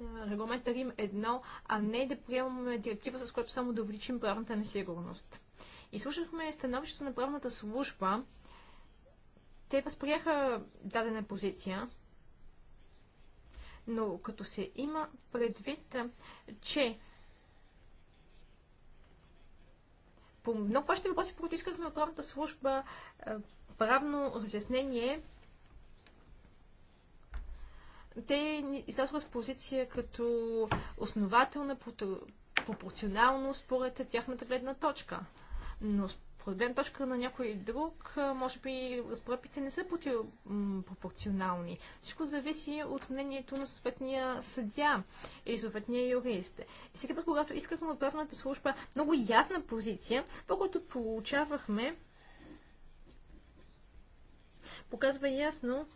а, регламента Рим 1, а не да приемаме директива, с която само да увеличим правната несигурност. И слушахме становището на правната служба. Те възприеха дадена позиция, но като се има предвид, че По много вашите въпроси, по които искахме от правната служба е, правно разяснение, те излязоха с позиция като основателна пропорционално според тяхната гледна точка. Но гледна точка на някой друг, може би разпоредбите не са пропорционални. Всичко зависи от мнението на съответния съдя или съответния юрист. И сега, път, когато искахме от правната служба много ясна позиция, това, което получавахме, показва ясно,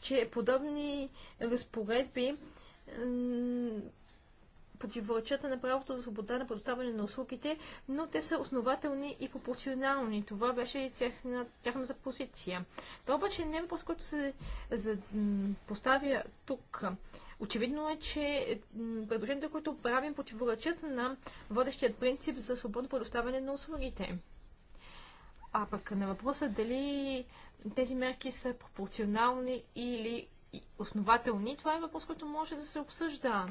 че подобни разпоредби противоречат на правото за свобода на предоставяне на услугите, но те са основателни и пропорционални. Това беше и тяхна, тяхната позиция. Това обаче не е въпрос, който се за, поставя тук. Очевидно е, че предложенията, които правим, противоречат на водещият принцип за свободно предоставяне на услугите. А пък на въпроса дали тези мерки са пропорционални или основателни, това е въпрос, който може да се обсъжда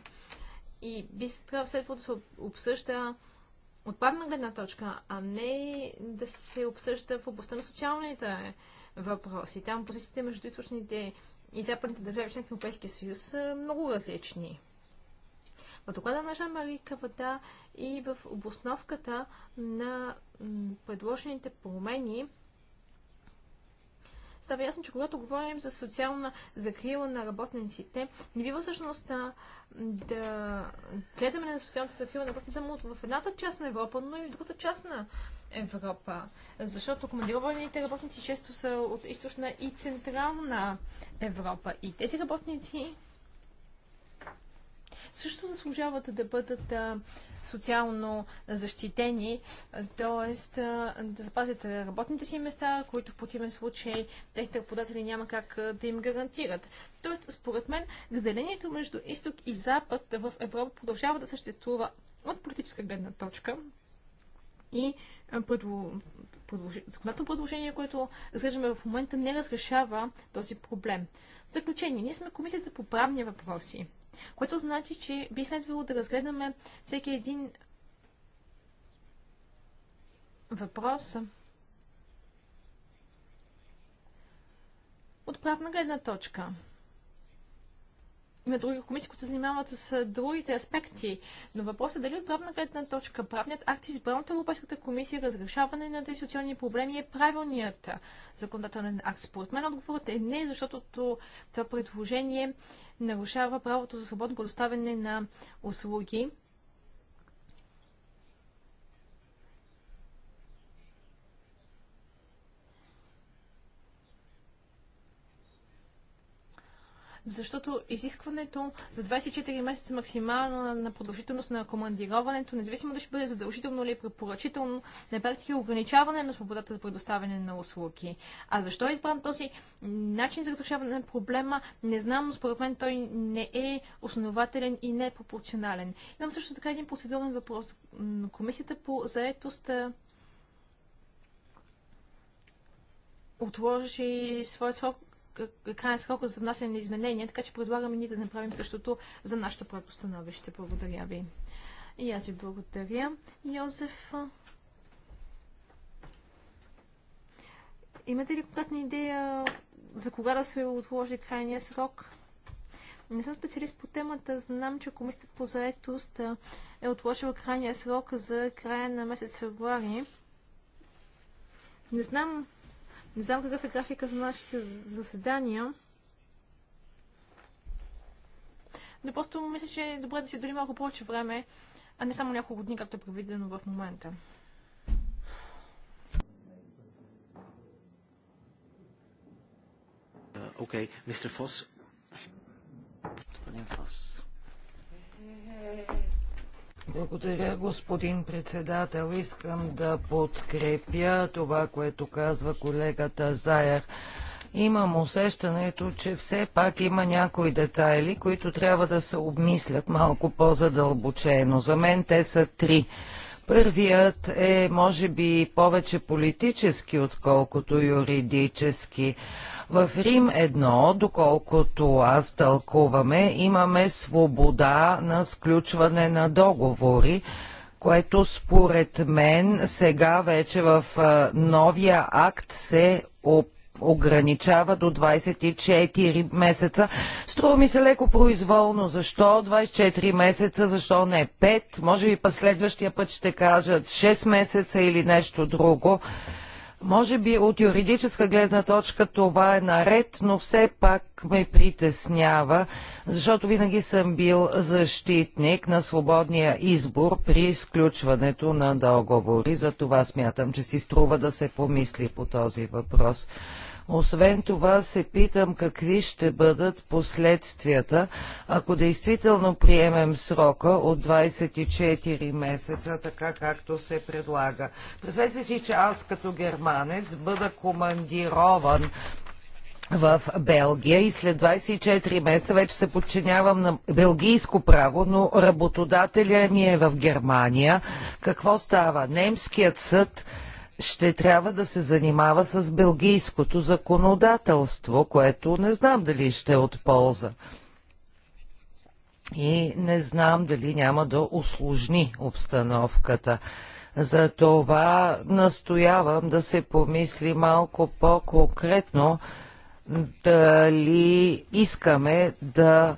и би се трябва след това да се обсъжда от парна гледна точка, а не да се обсъжда в областта на социалните въпроси. Там позициите между източните и западните държави, членки на Европейския съюз, са много различни. В доклада на Жан-Мари Кавата и в обосновката на предложените промени става ясно, че когато говорим за социална закрила на работниците, не бива всъщност да гледаме на социалната закрила на работниците само в едната част на Европа, но и в другата част на Европа. Защото командированите работници често са от източна и централна Европа. И тези работници също заслужават да бъдат социално защитени, т.е. да запазят работните си места, които в противен случай техните работодатели няма как да им гарантират. Тоест, според мен, разделението между изток и запад в Европа продължава да съществува от политическа гледна точка и предло... законодателно предложение, което разглеждаме в момента, не разрешава този проблем. В заключение, ние сме комисията по правни въпроси. Което значи, че би следвало да разгледаме всеки един въпрос от правна гледна точка има други комисии, които се занимават с другите аспекти. Но въпросът е дали от правна гледна точка правният акт, избран от Европейската комисия, разрешаване на тези социални проблеми е правилният законодателен акт. Според мен отговорът е не, защото това предложение нарушава правото за свободно предоставяне на услуги защото изискването за 24 месеца максимално на продължителност на командироването, независимо да ще бъде задължително или препоръчително, на практика е ограничаване на свободата за предоставяне на услуги. А защо е избран този начин за разрешаване на проблема, не знам, но според мен той не е основателен и не е пропорционален. Имам също така един процедурен въпрос. Комисията по заетост отложи своят срок Крайна срока за внасяне на изменения, така че предлагаме ние да направим същото за нашето проектостановище. Благодаря ви. И аз ви благодаря. Йозеф, имате ли конкретна идея за кога да се отложи крайния срок? Не съм специалист по темата. Знам, че комисията по заетост е отложила крайния срок за края на месец февруари. Не знам не знам какъв е графика за нашите заседания. Но просто мисля, че е добре да си дори малко повече време, а не само няколко дни, както е предвидено в момента. Окей, мистер Фос. Господин Фос. Е, е, е, благодаря, господин председател. Искам да подкрепя това, което казва колегата Заяр. Имам усещането, че все пак има някои детайли, които трябва да се обмислят малко по-задълбочено. За мен те са три. Първият е, може би, повече политически, отколкото юридически. В Рим едно, доколкото аз тълкуваме, имаме свобода на сключване на договори, което според мен сега вече в новия акт се ограничава до 24 месеца. Струва ми се леко произволно. Защо 24 месеца? Защо не 5? Може би па следващия път ще кажат 6 месеца или нещо друго. Може би от юридическа гледна точка това е наред, но все пак ме притеснява, защото винаги съм бил защитник на свободния избор при изключването на договори. За това смятам, че си струва да се помисли по този въпрос. Освен това се питам какви ще бъдат последствията, ако действително приемем срока от 24 месеца, така както се предлага. Представете си, че аз като германец бъда командирован в Белгия и след 24 месеца вече се подчинявам на белгийско право, но работодателя ми е в Германия. Какво става? Немският съд ще трябва да се занимава с белгийското законодателство, което не знам дали ще е от полза. И не знам дали няма да усложни обстановката. За това настоявам да се помисли малко по-конкретно дали искаме да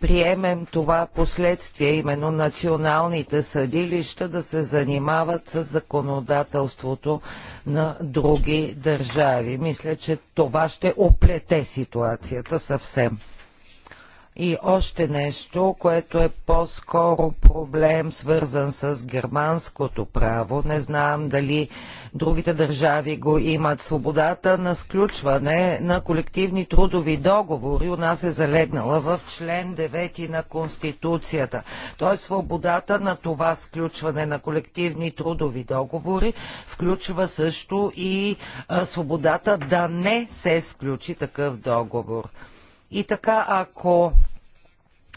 приемем това последствие, именно националните съдилища да се занимават с законодателството на други държави. Мисля, че това ще оплете ситуацията съвсем. И още нещо, което е по-скоро проблем, свързан с германското право. Не знам дали другите държави го имат. Свободата на сключване на колективни трудови договори у нас е залегнала в член 9 на Конституцията. Тоест свободата на това сключване на колективни трудови договори включва също и а, свободата да не се сключи такъв договор. И така, ако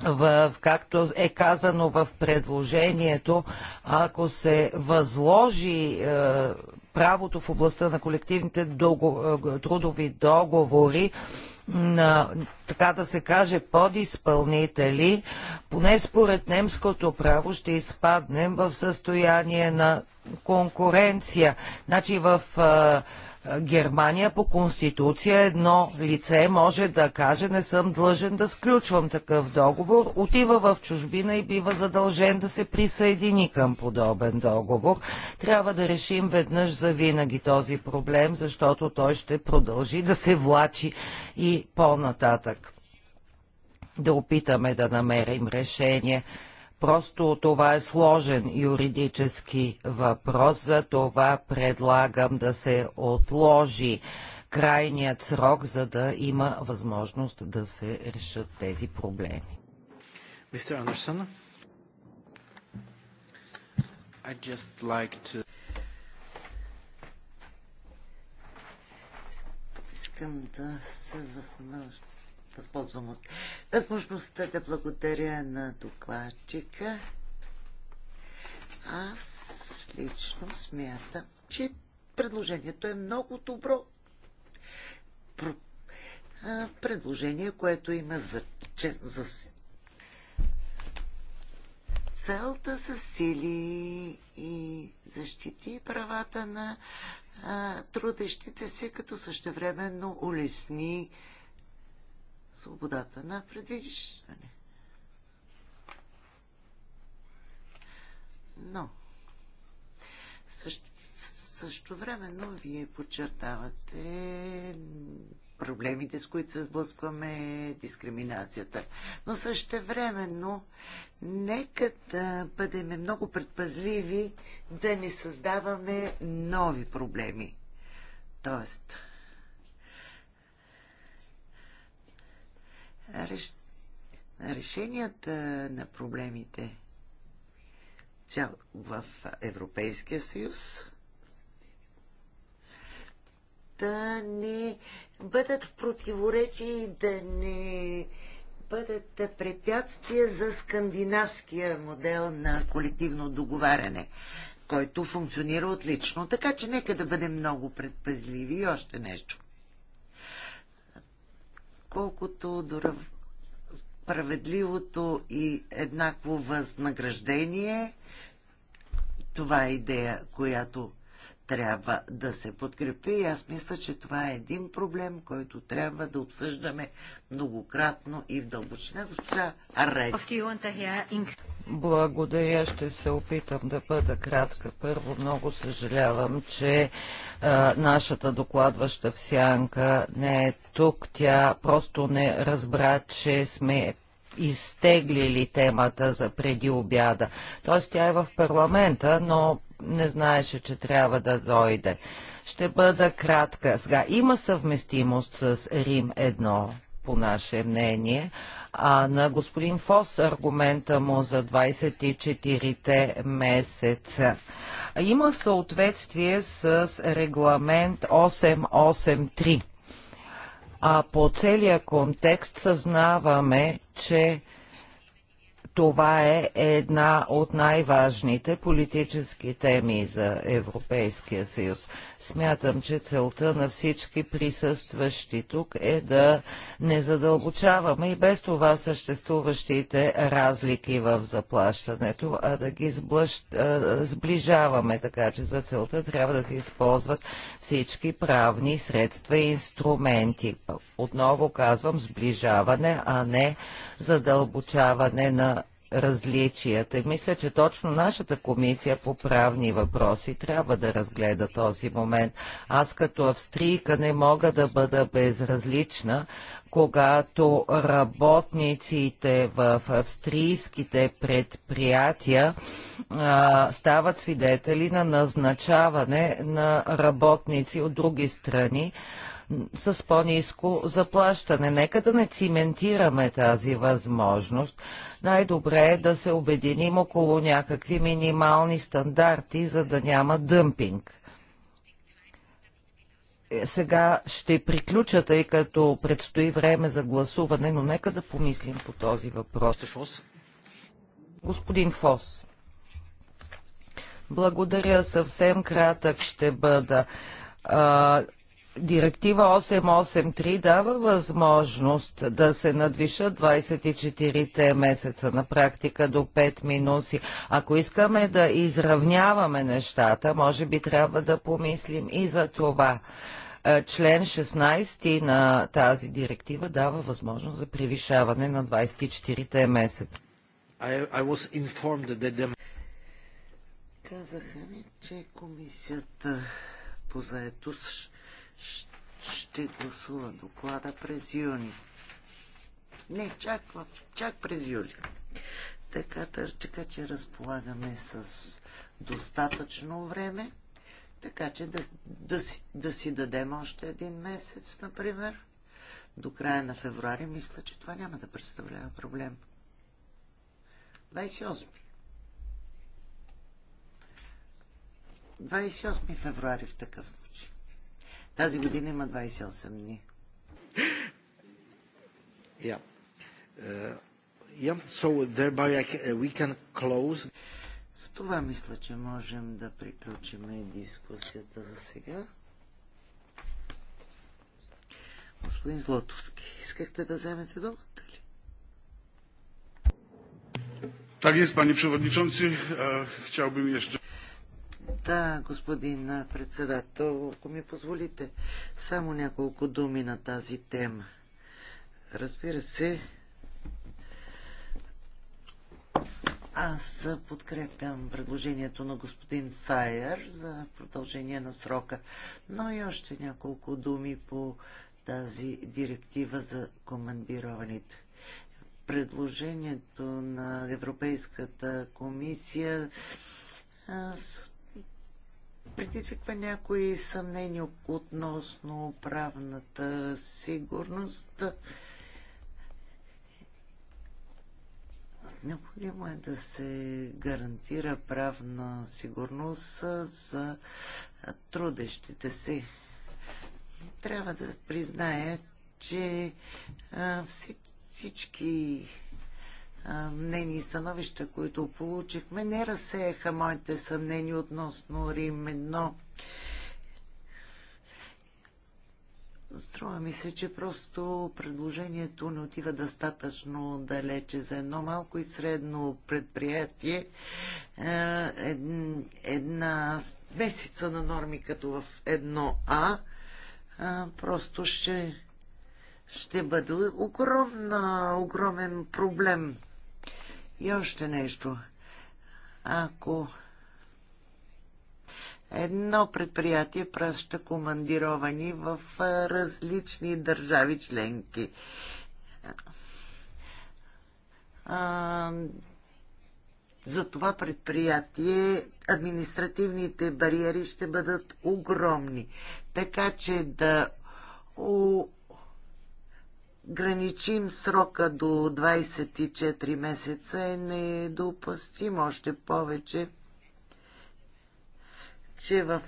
в, както е казано в предложението, ако се възложи е, правото в областта на колективните договор, е, трудови договори на, така да се каже, подизпълнители, поне според немското право ще изпаднем в състояние на конкуренция. Значи в е, е, Германия по конституция едно лице може да каже не съм длъжен да сключвам такъв договор, отива в чужбина и бива задължен да се присъедини към подобен договор. Трябва да решим веднъж за винаги този проблем, защото той ще продължи да се влачи и по-нататък. Да опитаме да намерим решение. Просто това е сложен юридически въпрос, за това предлагам да се отложи крайният срок, за да има възможност да се решат тези проблеми. Мистер Андерсон? Искам да се възможност възползвам от възможността да благодаря на докладчика. Аз лично смятам, че предложението е много добро. Про... А, предложение, което има за, че, за цел да засили и защити правата на а, трудещите се, като същевременно улесни свободата на предвиждане. Но също, също времено вие подчертавате проблемите, с които се сблъскваме, дискриминацията. Но също времено нека да бъдем много предпазливи да не създаваме нови проблеми. Тоест, реш... решенията на проблемите цял в Европейския съюз да не бъдат в противоречие и да не бъдат препятствия за скандинавския модел на колективно договаряне, който функционира отлично. Така че нека да бъдем много предпазливи и още нещо колкото до справедливото и еднакво възнаграждение. Това е идея, която трябва да се подкрепи. И аз мисля, че това е един проблем, който трябва да обсъждаме многократно и в дълбочина. Госпожа Рей. Благодаря, ще се опитам да бъда кратка. Първо, много съжалявам, че а, нашата докладваща в Сянка не е тук. Тя просто не разбра, че сме изтеглили темата за преди обяда. Тоест тя е в парламента, но не знаеше, че трябва да дойде. Ще бъда кратка. Сега има съвместимост с Рим по наше мнение. А на господин Фос аргумента му за 24-те месеца. Има съответствие с регламент 883. А по целия контекст съзнаваме, че това е една от най-важните политически теми за Европейския съюз. Смятам, че целта на всички присъстващи тук е да не задълбочаваме и без това съществуващите разлики в заплащането, а да ги сближаваме, така че за целта трябва да се използват всички правни средства и инструменти. Отново казвам сближаване, а не задълбочаване на различията. мисля, че точно нашата комисия по правни въпроси трябва да разгледа този момент. Аз като австрийка не мога да бъда безразлична, когато работниците в австрийските предприятия а, стават свидетели на назначаване на работници от други страни, с по-низко заплащане. Нека да не циментираме тази възможност. Най-добре е да се обединим около някакви минимални стандарти, за да няма дъмпинг е, сега ще приключа, тъй като предстои време за гласуване, но нека да помислим по този въпрос. Господин Фос. Благодаря, съвсем кратък ще бъда. Директива 883 дава възможност да се надвишат 24-те месеца на практика до 5 минуси. Ако искаме да изравняваме нещата, може би трябва да помислим и за това. Е, член 16 на тази директива дава възможност за превишаване на 24-те месеца. Казаха ми, че комисията по заетост ще гласува доклада през юни. Не, чак, чак през юли. Така, така че разполагаме с достатъчно време, така че да, да, си, да си дадем още един месец, например. До края на февруари мисля, че това няма да представлява проблем. 28. 28 февруари в такъв случай. Тази година има 28 дни. Yeah. Uh, yeah. So thereby we can close. С това мисля, че можем да приключим дискусията за сега. Господин Злотовски, искахте да вземете думата ли? Так пани jest, panie przewodniczący. Э, chciałbym еще... Да, господин председател, ако ми позволите, само няколко думи на тази тема. Разбира се, аз подкрепям предложението на господин Сайер за продължение на срока, но и още няколко думи по тази директива за командированите. Предложението на Европейската комисия предизвиква някои съмнения относно правната сигурност. Необходимо е да се гарантира правна сигурност за трудещите си. Трябва да призная, че всички мнения и становища, които получихме, не разсеяха моите съмнения относно Рим едно. Струва ми се, че просто предложението не отива достатъчно далече за едно малко и средно предприятие. Една месеца на норми като в едно а просто ще, ще бъде огромна, огромен проблем. И още нещо. Ако едно предприятие праща командировани в различни държави членки, за това предприятие административните бариери ще бъдат огромни. Така че да ограничим срока до 24 месеца е недопустим още повече, че в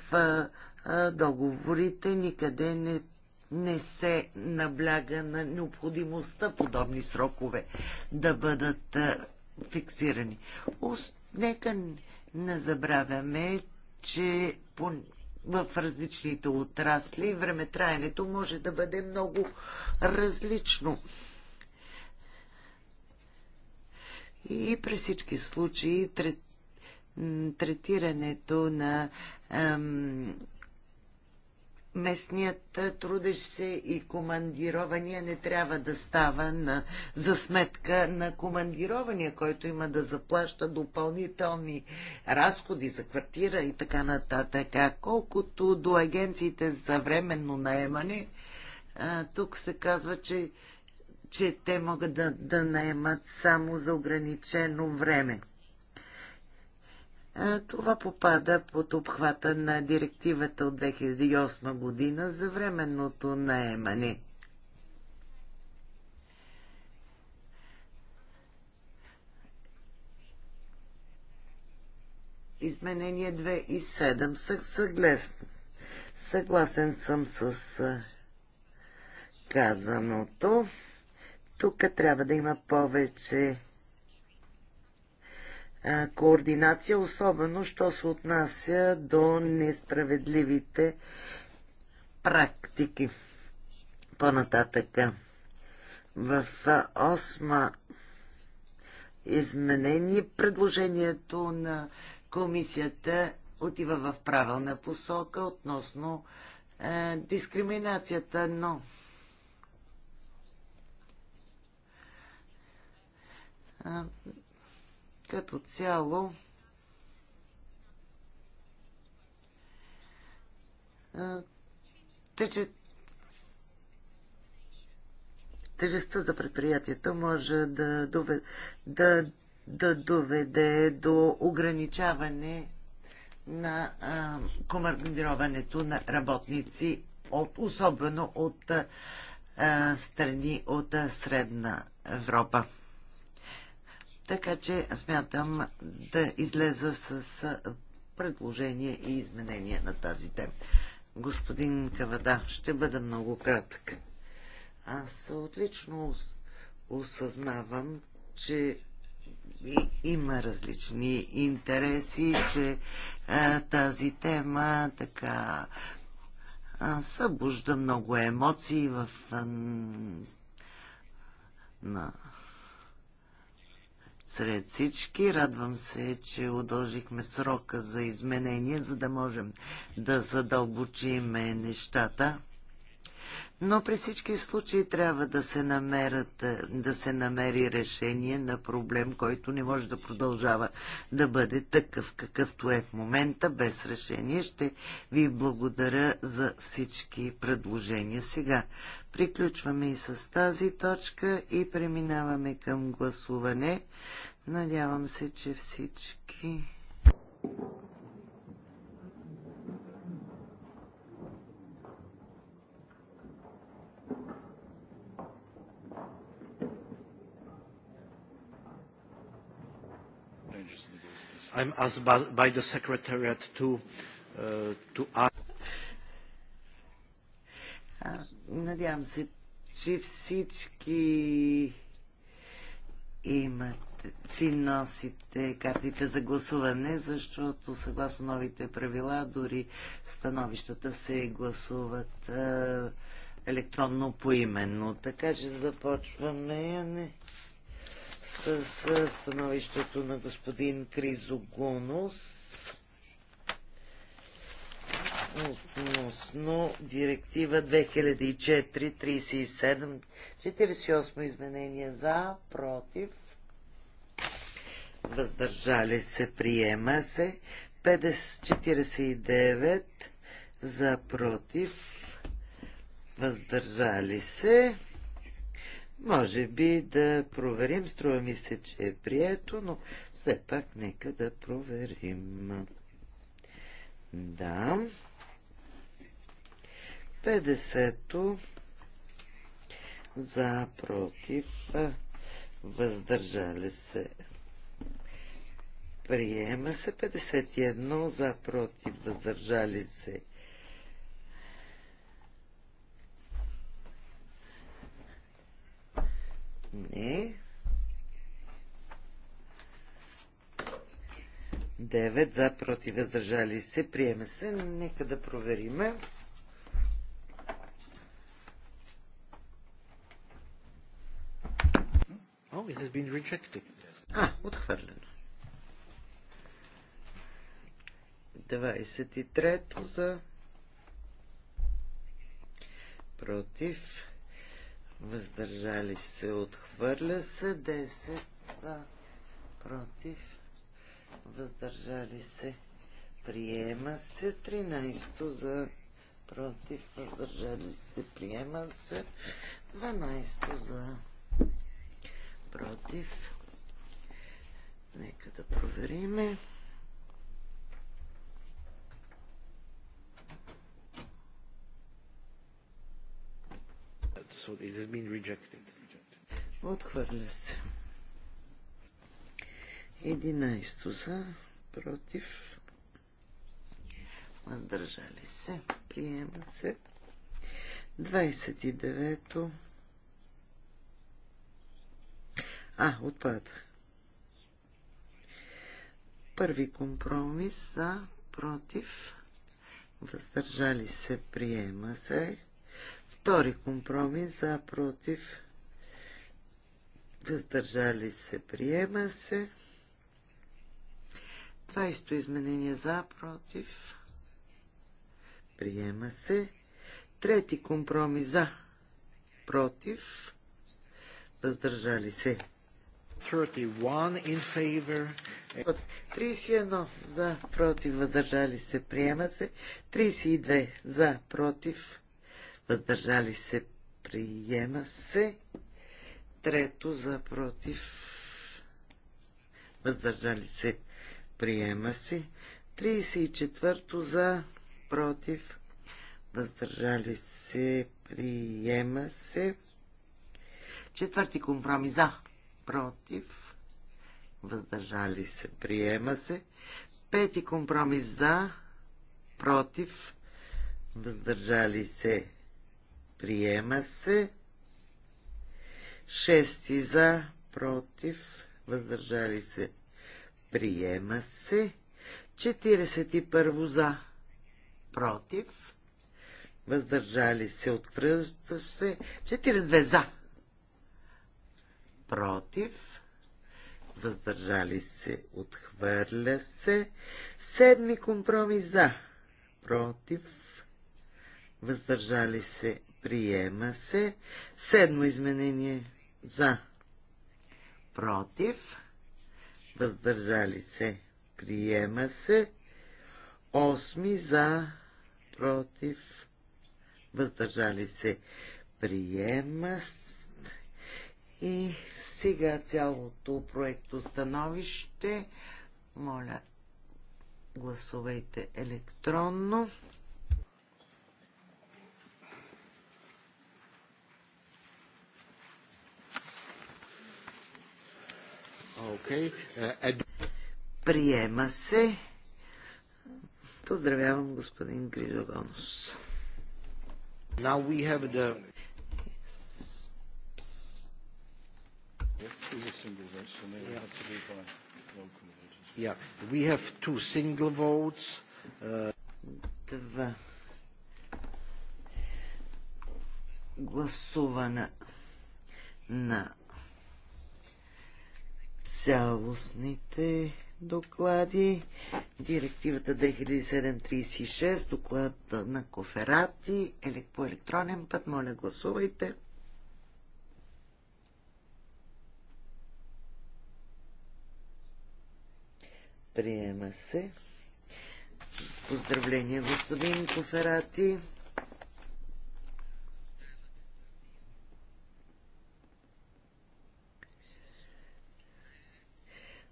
договорите никъде не, не се набляга на необходимостта подобни срокове да бъдат фиксирани. Нека не забравяме, че по в различните отрасли, времетраенето може да бъде много различно. И при всички случаи третирането на местният трудещ се и командирования не трябва да става на, за сметка на командирования, който има да заплаща допълнителни разходи за квартира и така нататък. А колкото до агенциите за временно наемане, тук се казва, че, че те могат да, да наемат само за ограничено време. Това попада под обхвата на директивата от 2008 година за временното наемане. Изменение 2 и 7 са съгласни. Съгласен съм с казаното. Тук трябва да има повече координация, особено що се отнася до несправедливите практики. по нататък в осма изменение предложението на комисията отива в правилна посока относно е, дискриминацията, но като цяло тежестта за предприятието може да доведе, да, да доведе до ограничаване на а, командироването на работници, от, особено от а, страни от а, Средна Европа. Така че смятам да излеза с предложение и изменение на тази тема. Господин Кавада, ще бъда много кратък. Аз отлично осъзнавам, че има различни интереси, че а, тази тема така а, събужда много емоции в а, на сред всички. Радвам се, че удължихме срока за изменение, за да можем да задълбочиме нещата. Но при всички случаи трябва да се, намерят, е, да се намери решение на проблем, който не може да продължава да бъде такъв, какъвто е в момента, без решение. Ще ви благодаря за всички предложения. Сега приключваме и с тази точка и преминаваме към гласуване. Надявам се, че всички. I'm asked by, by the Secretariat to, uh, to ask. Надявам се, че всички имат, си носите картите за гласуване, защото съгласно новите правила дори становищата се гласуват а, електронно поименно. Така че започваме. Не с становището на господин Кризогонос относно директива 2004-37 48 изменения за, против въздържали се, приема се 549 49 за, против въздържали се може би да проверим, струва ми се, че е прието, но все пак нека да проверим. Да. 50-то за, против, въздържали се. Приема се 51 за, против, въздържали се. Не. 9 за, против, въздържали се. Приеме се. Нека да провериме. Oh, it has been rejected. А, отхвърлено. 23 за против въздържали се, отхвърля се, 10 за, против, въздържали се, приема се, 13 за, против, въздържали се, приема се, 12 за, против. Нека да провериме. so it has been rejected. Отхвърля се. 11 за, против, въздържали се, приема се. 29-то. А, отпада. Първи компромис за, против, въздържали се, приема се. Втори компромис за против. Въздържали се. Приема се. 20 изменение за против. Приема се. Трети компромис за против. Въздържали се. 31 in favor. 31 за против въздържали се приема се. 32 за против въздържали се, приема се. Трето за против, въздържали се, приема се. 34-то за против, въздържали се, приема се. Четвърти компромис за против, въздържали се, приема се. Пети компромис за против, въздържали се, Приема се. 6 за, против, въздържали се. Приема се. 41 за, против, въздържали се, отвръща се. 42 за, против, въздържали се, отхвърля се. Седми компромис за, против, въздържали се, Приема се. Седмо изменение за. Против. Въздържали се. Приема се. Осми за. Против. Въздържали се. Приема се. И сега цялото проекто становище. Моля, гласувайте електронно. Е, е, Приема се. Поздравявам господин Грижогонос. Now we have the... Yeah. We have two single votes. Uh... Два. Гласуване на цялостните доклади. Директивата 2736, доклад на Коферати, по електронен път. Моля, гласувайте. Приема се. Поздравление, господин Коферати.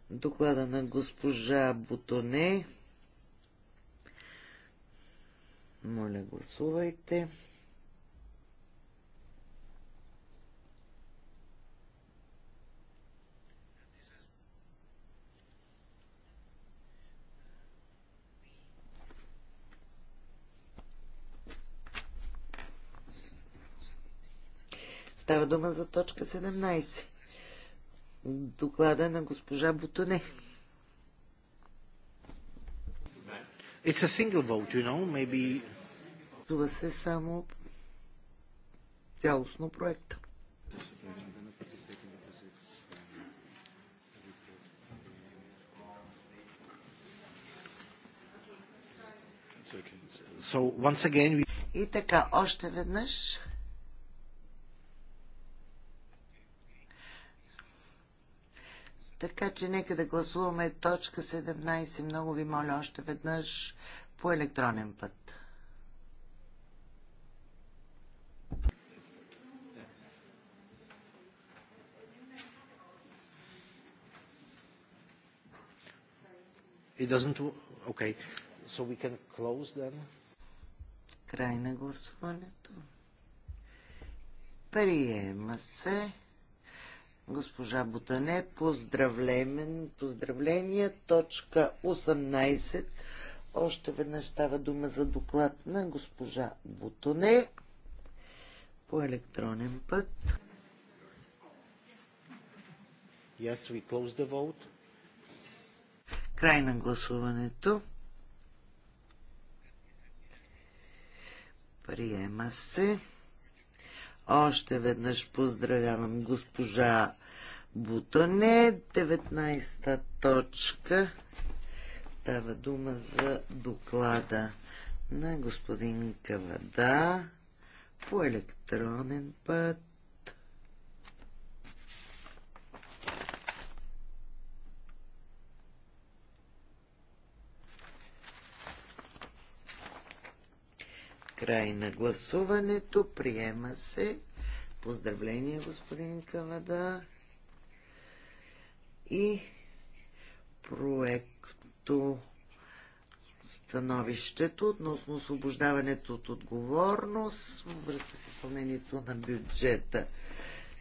доклада на госпожа Бутоне. Моля, гласувайте. Става дума за точка 17 доклада на госпожа Бутоне. It's a single vote, you know, maybe... Това се само цялостно проекта. So, again... И така, още веднъж Така че нека да гласуваме точка 17. Много ви моля още веднъж по електронен път. It doesn't... Okay. So we can close then. Край на гласуването. Приема се госпожа Бутане. Поздравлен, поздравления. Точка 18. Още веднъж става дума за доклад на госпожа Бутане по електронен път. Yes, we close the vote. Край на гласуването. Приема се. Още веднъж поздравявам госпожа бутане. 19-та точка. Става дума за доклада на господин Кавада по електронен път. Край на гласуването. Приема се. Поздравления, господин Кавада и проекто становището относно освобождаването от отговорност във връзка с изпълнението на бюджета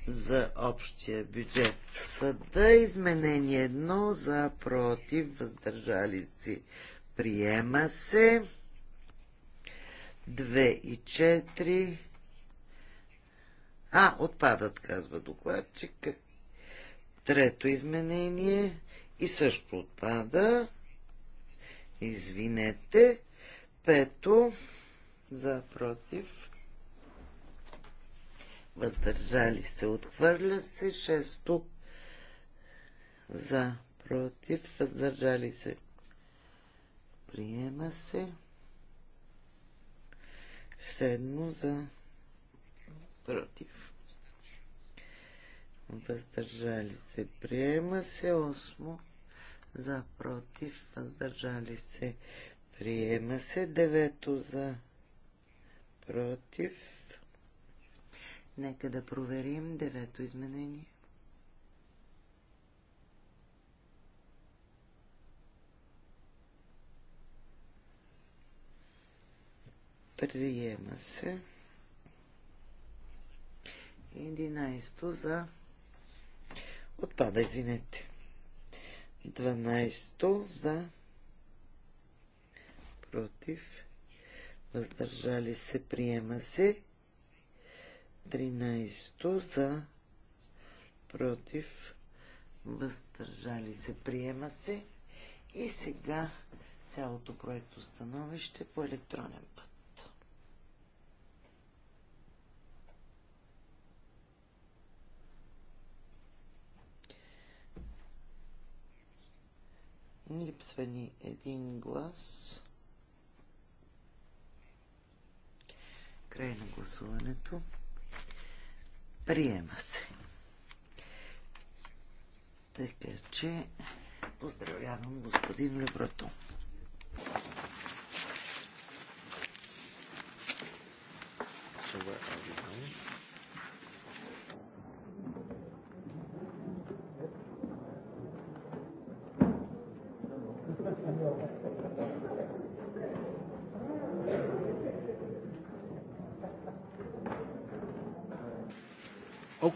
за общия бюджет. Съда изменение едно за против въздържали си. Приема се. 2 и 4. А, отпадат, казва докладчика. Трето изменение и също отпада. Извинете. Пето за против. Въздържали се. Отхвърля се. Шесто за против. Въздържали се. Приема се. Седмо за против въздържали се, приема се, 8 за против, въздържали се, приема се, 9 за против. Нека да проверим 9 изменение. Приема се. Единайсто за Отпада, извинете. 12 за. Против. Въздържали се. Приема се. 13 за. Против. Въздържали се. Приема се. И сега цялото проекто становище по електронен път. Липсва ни един глас. Край на гласуването. Приема се. Така че поздравявам господин Леброто. So where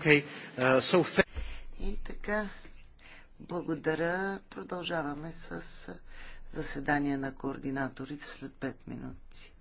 Okay. Uh, so... И така, благодаря. Продължаваме с заседание на координаторите след 5 минути.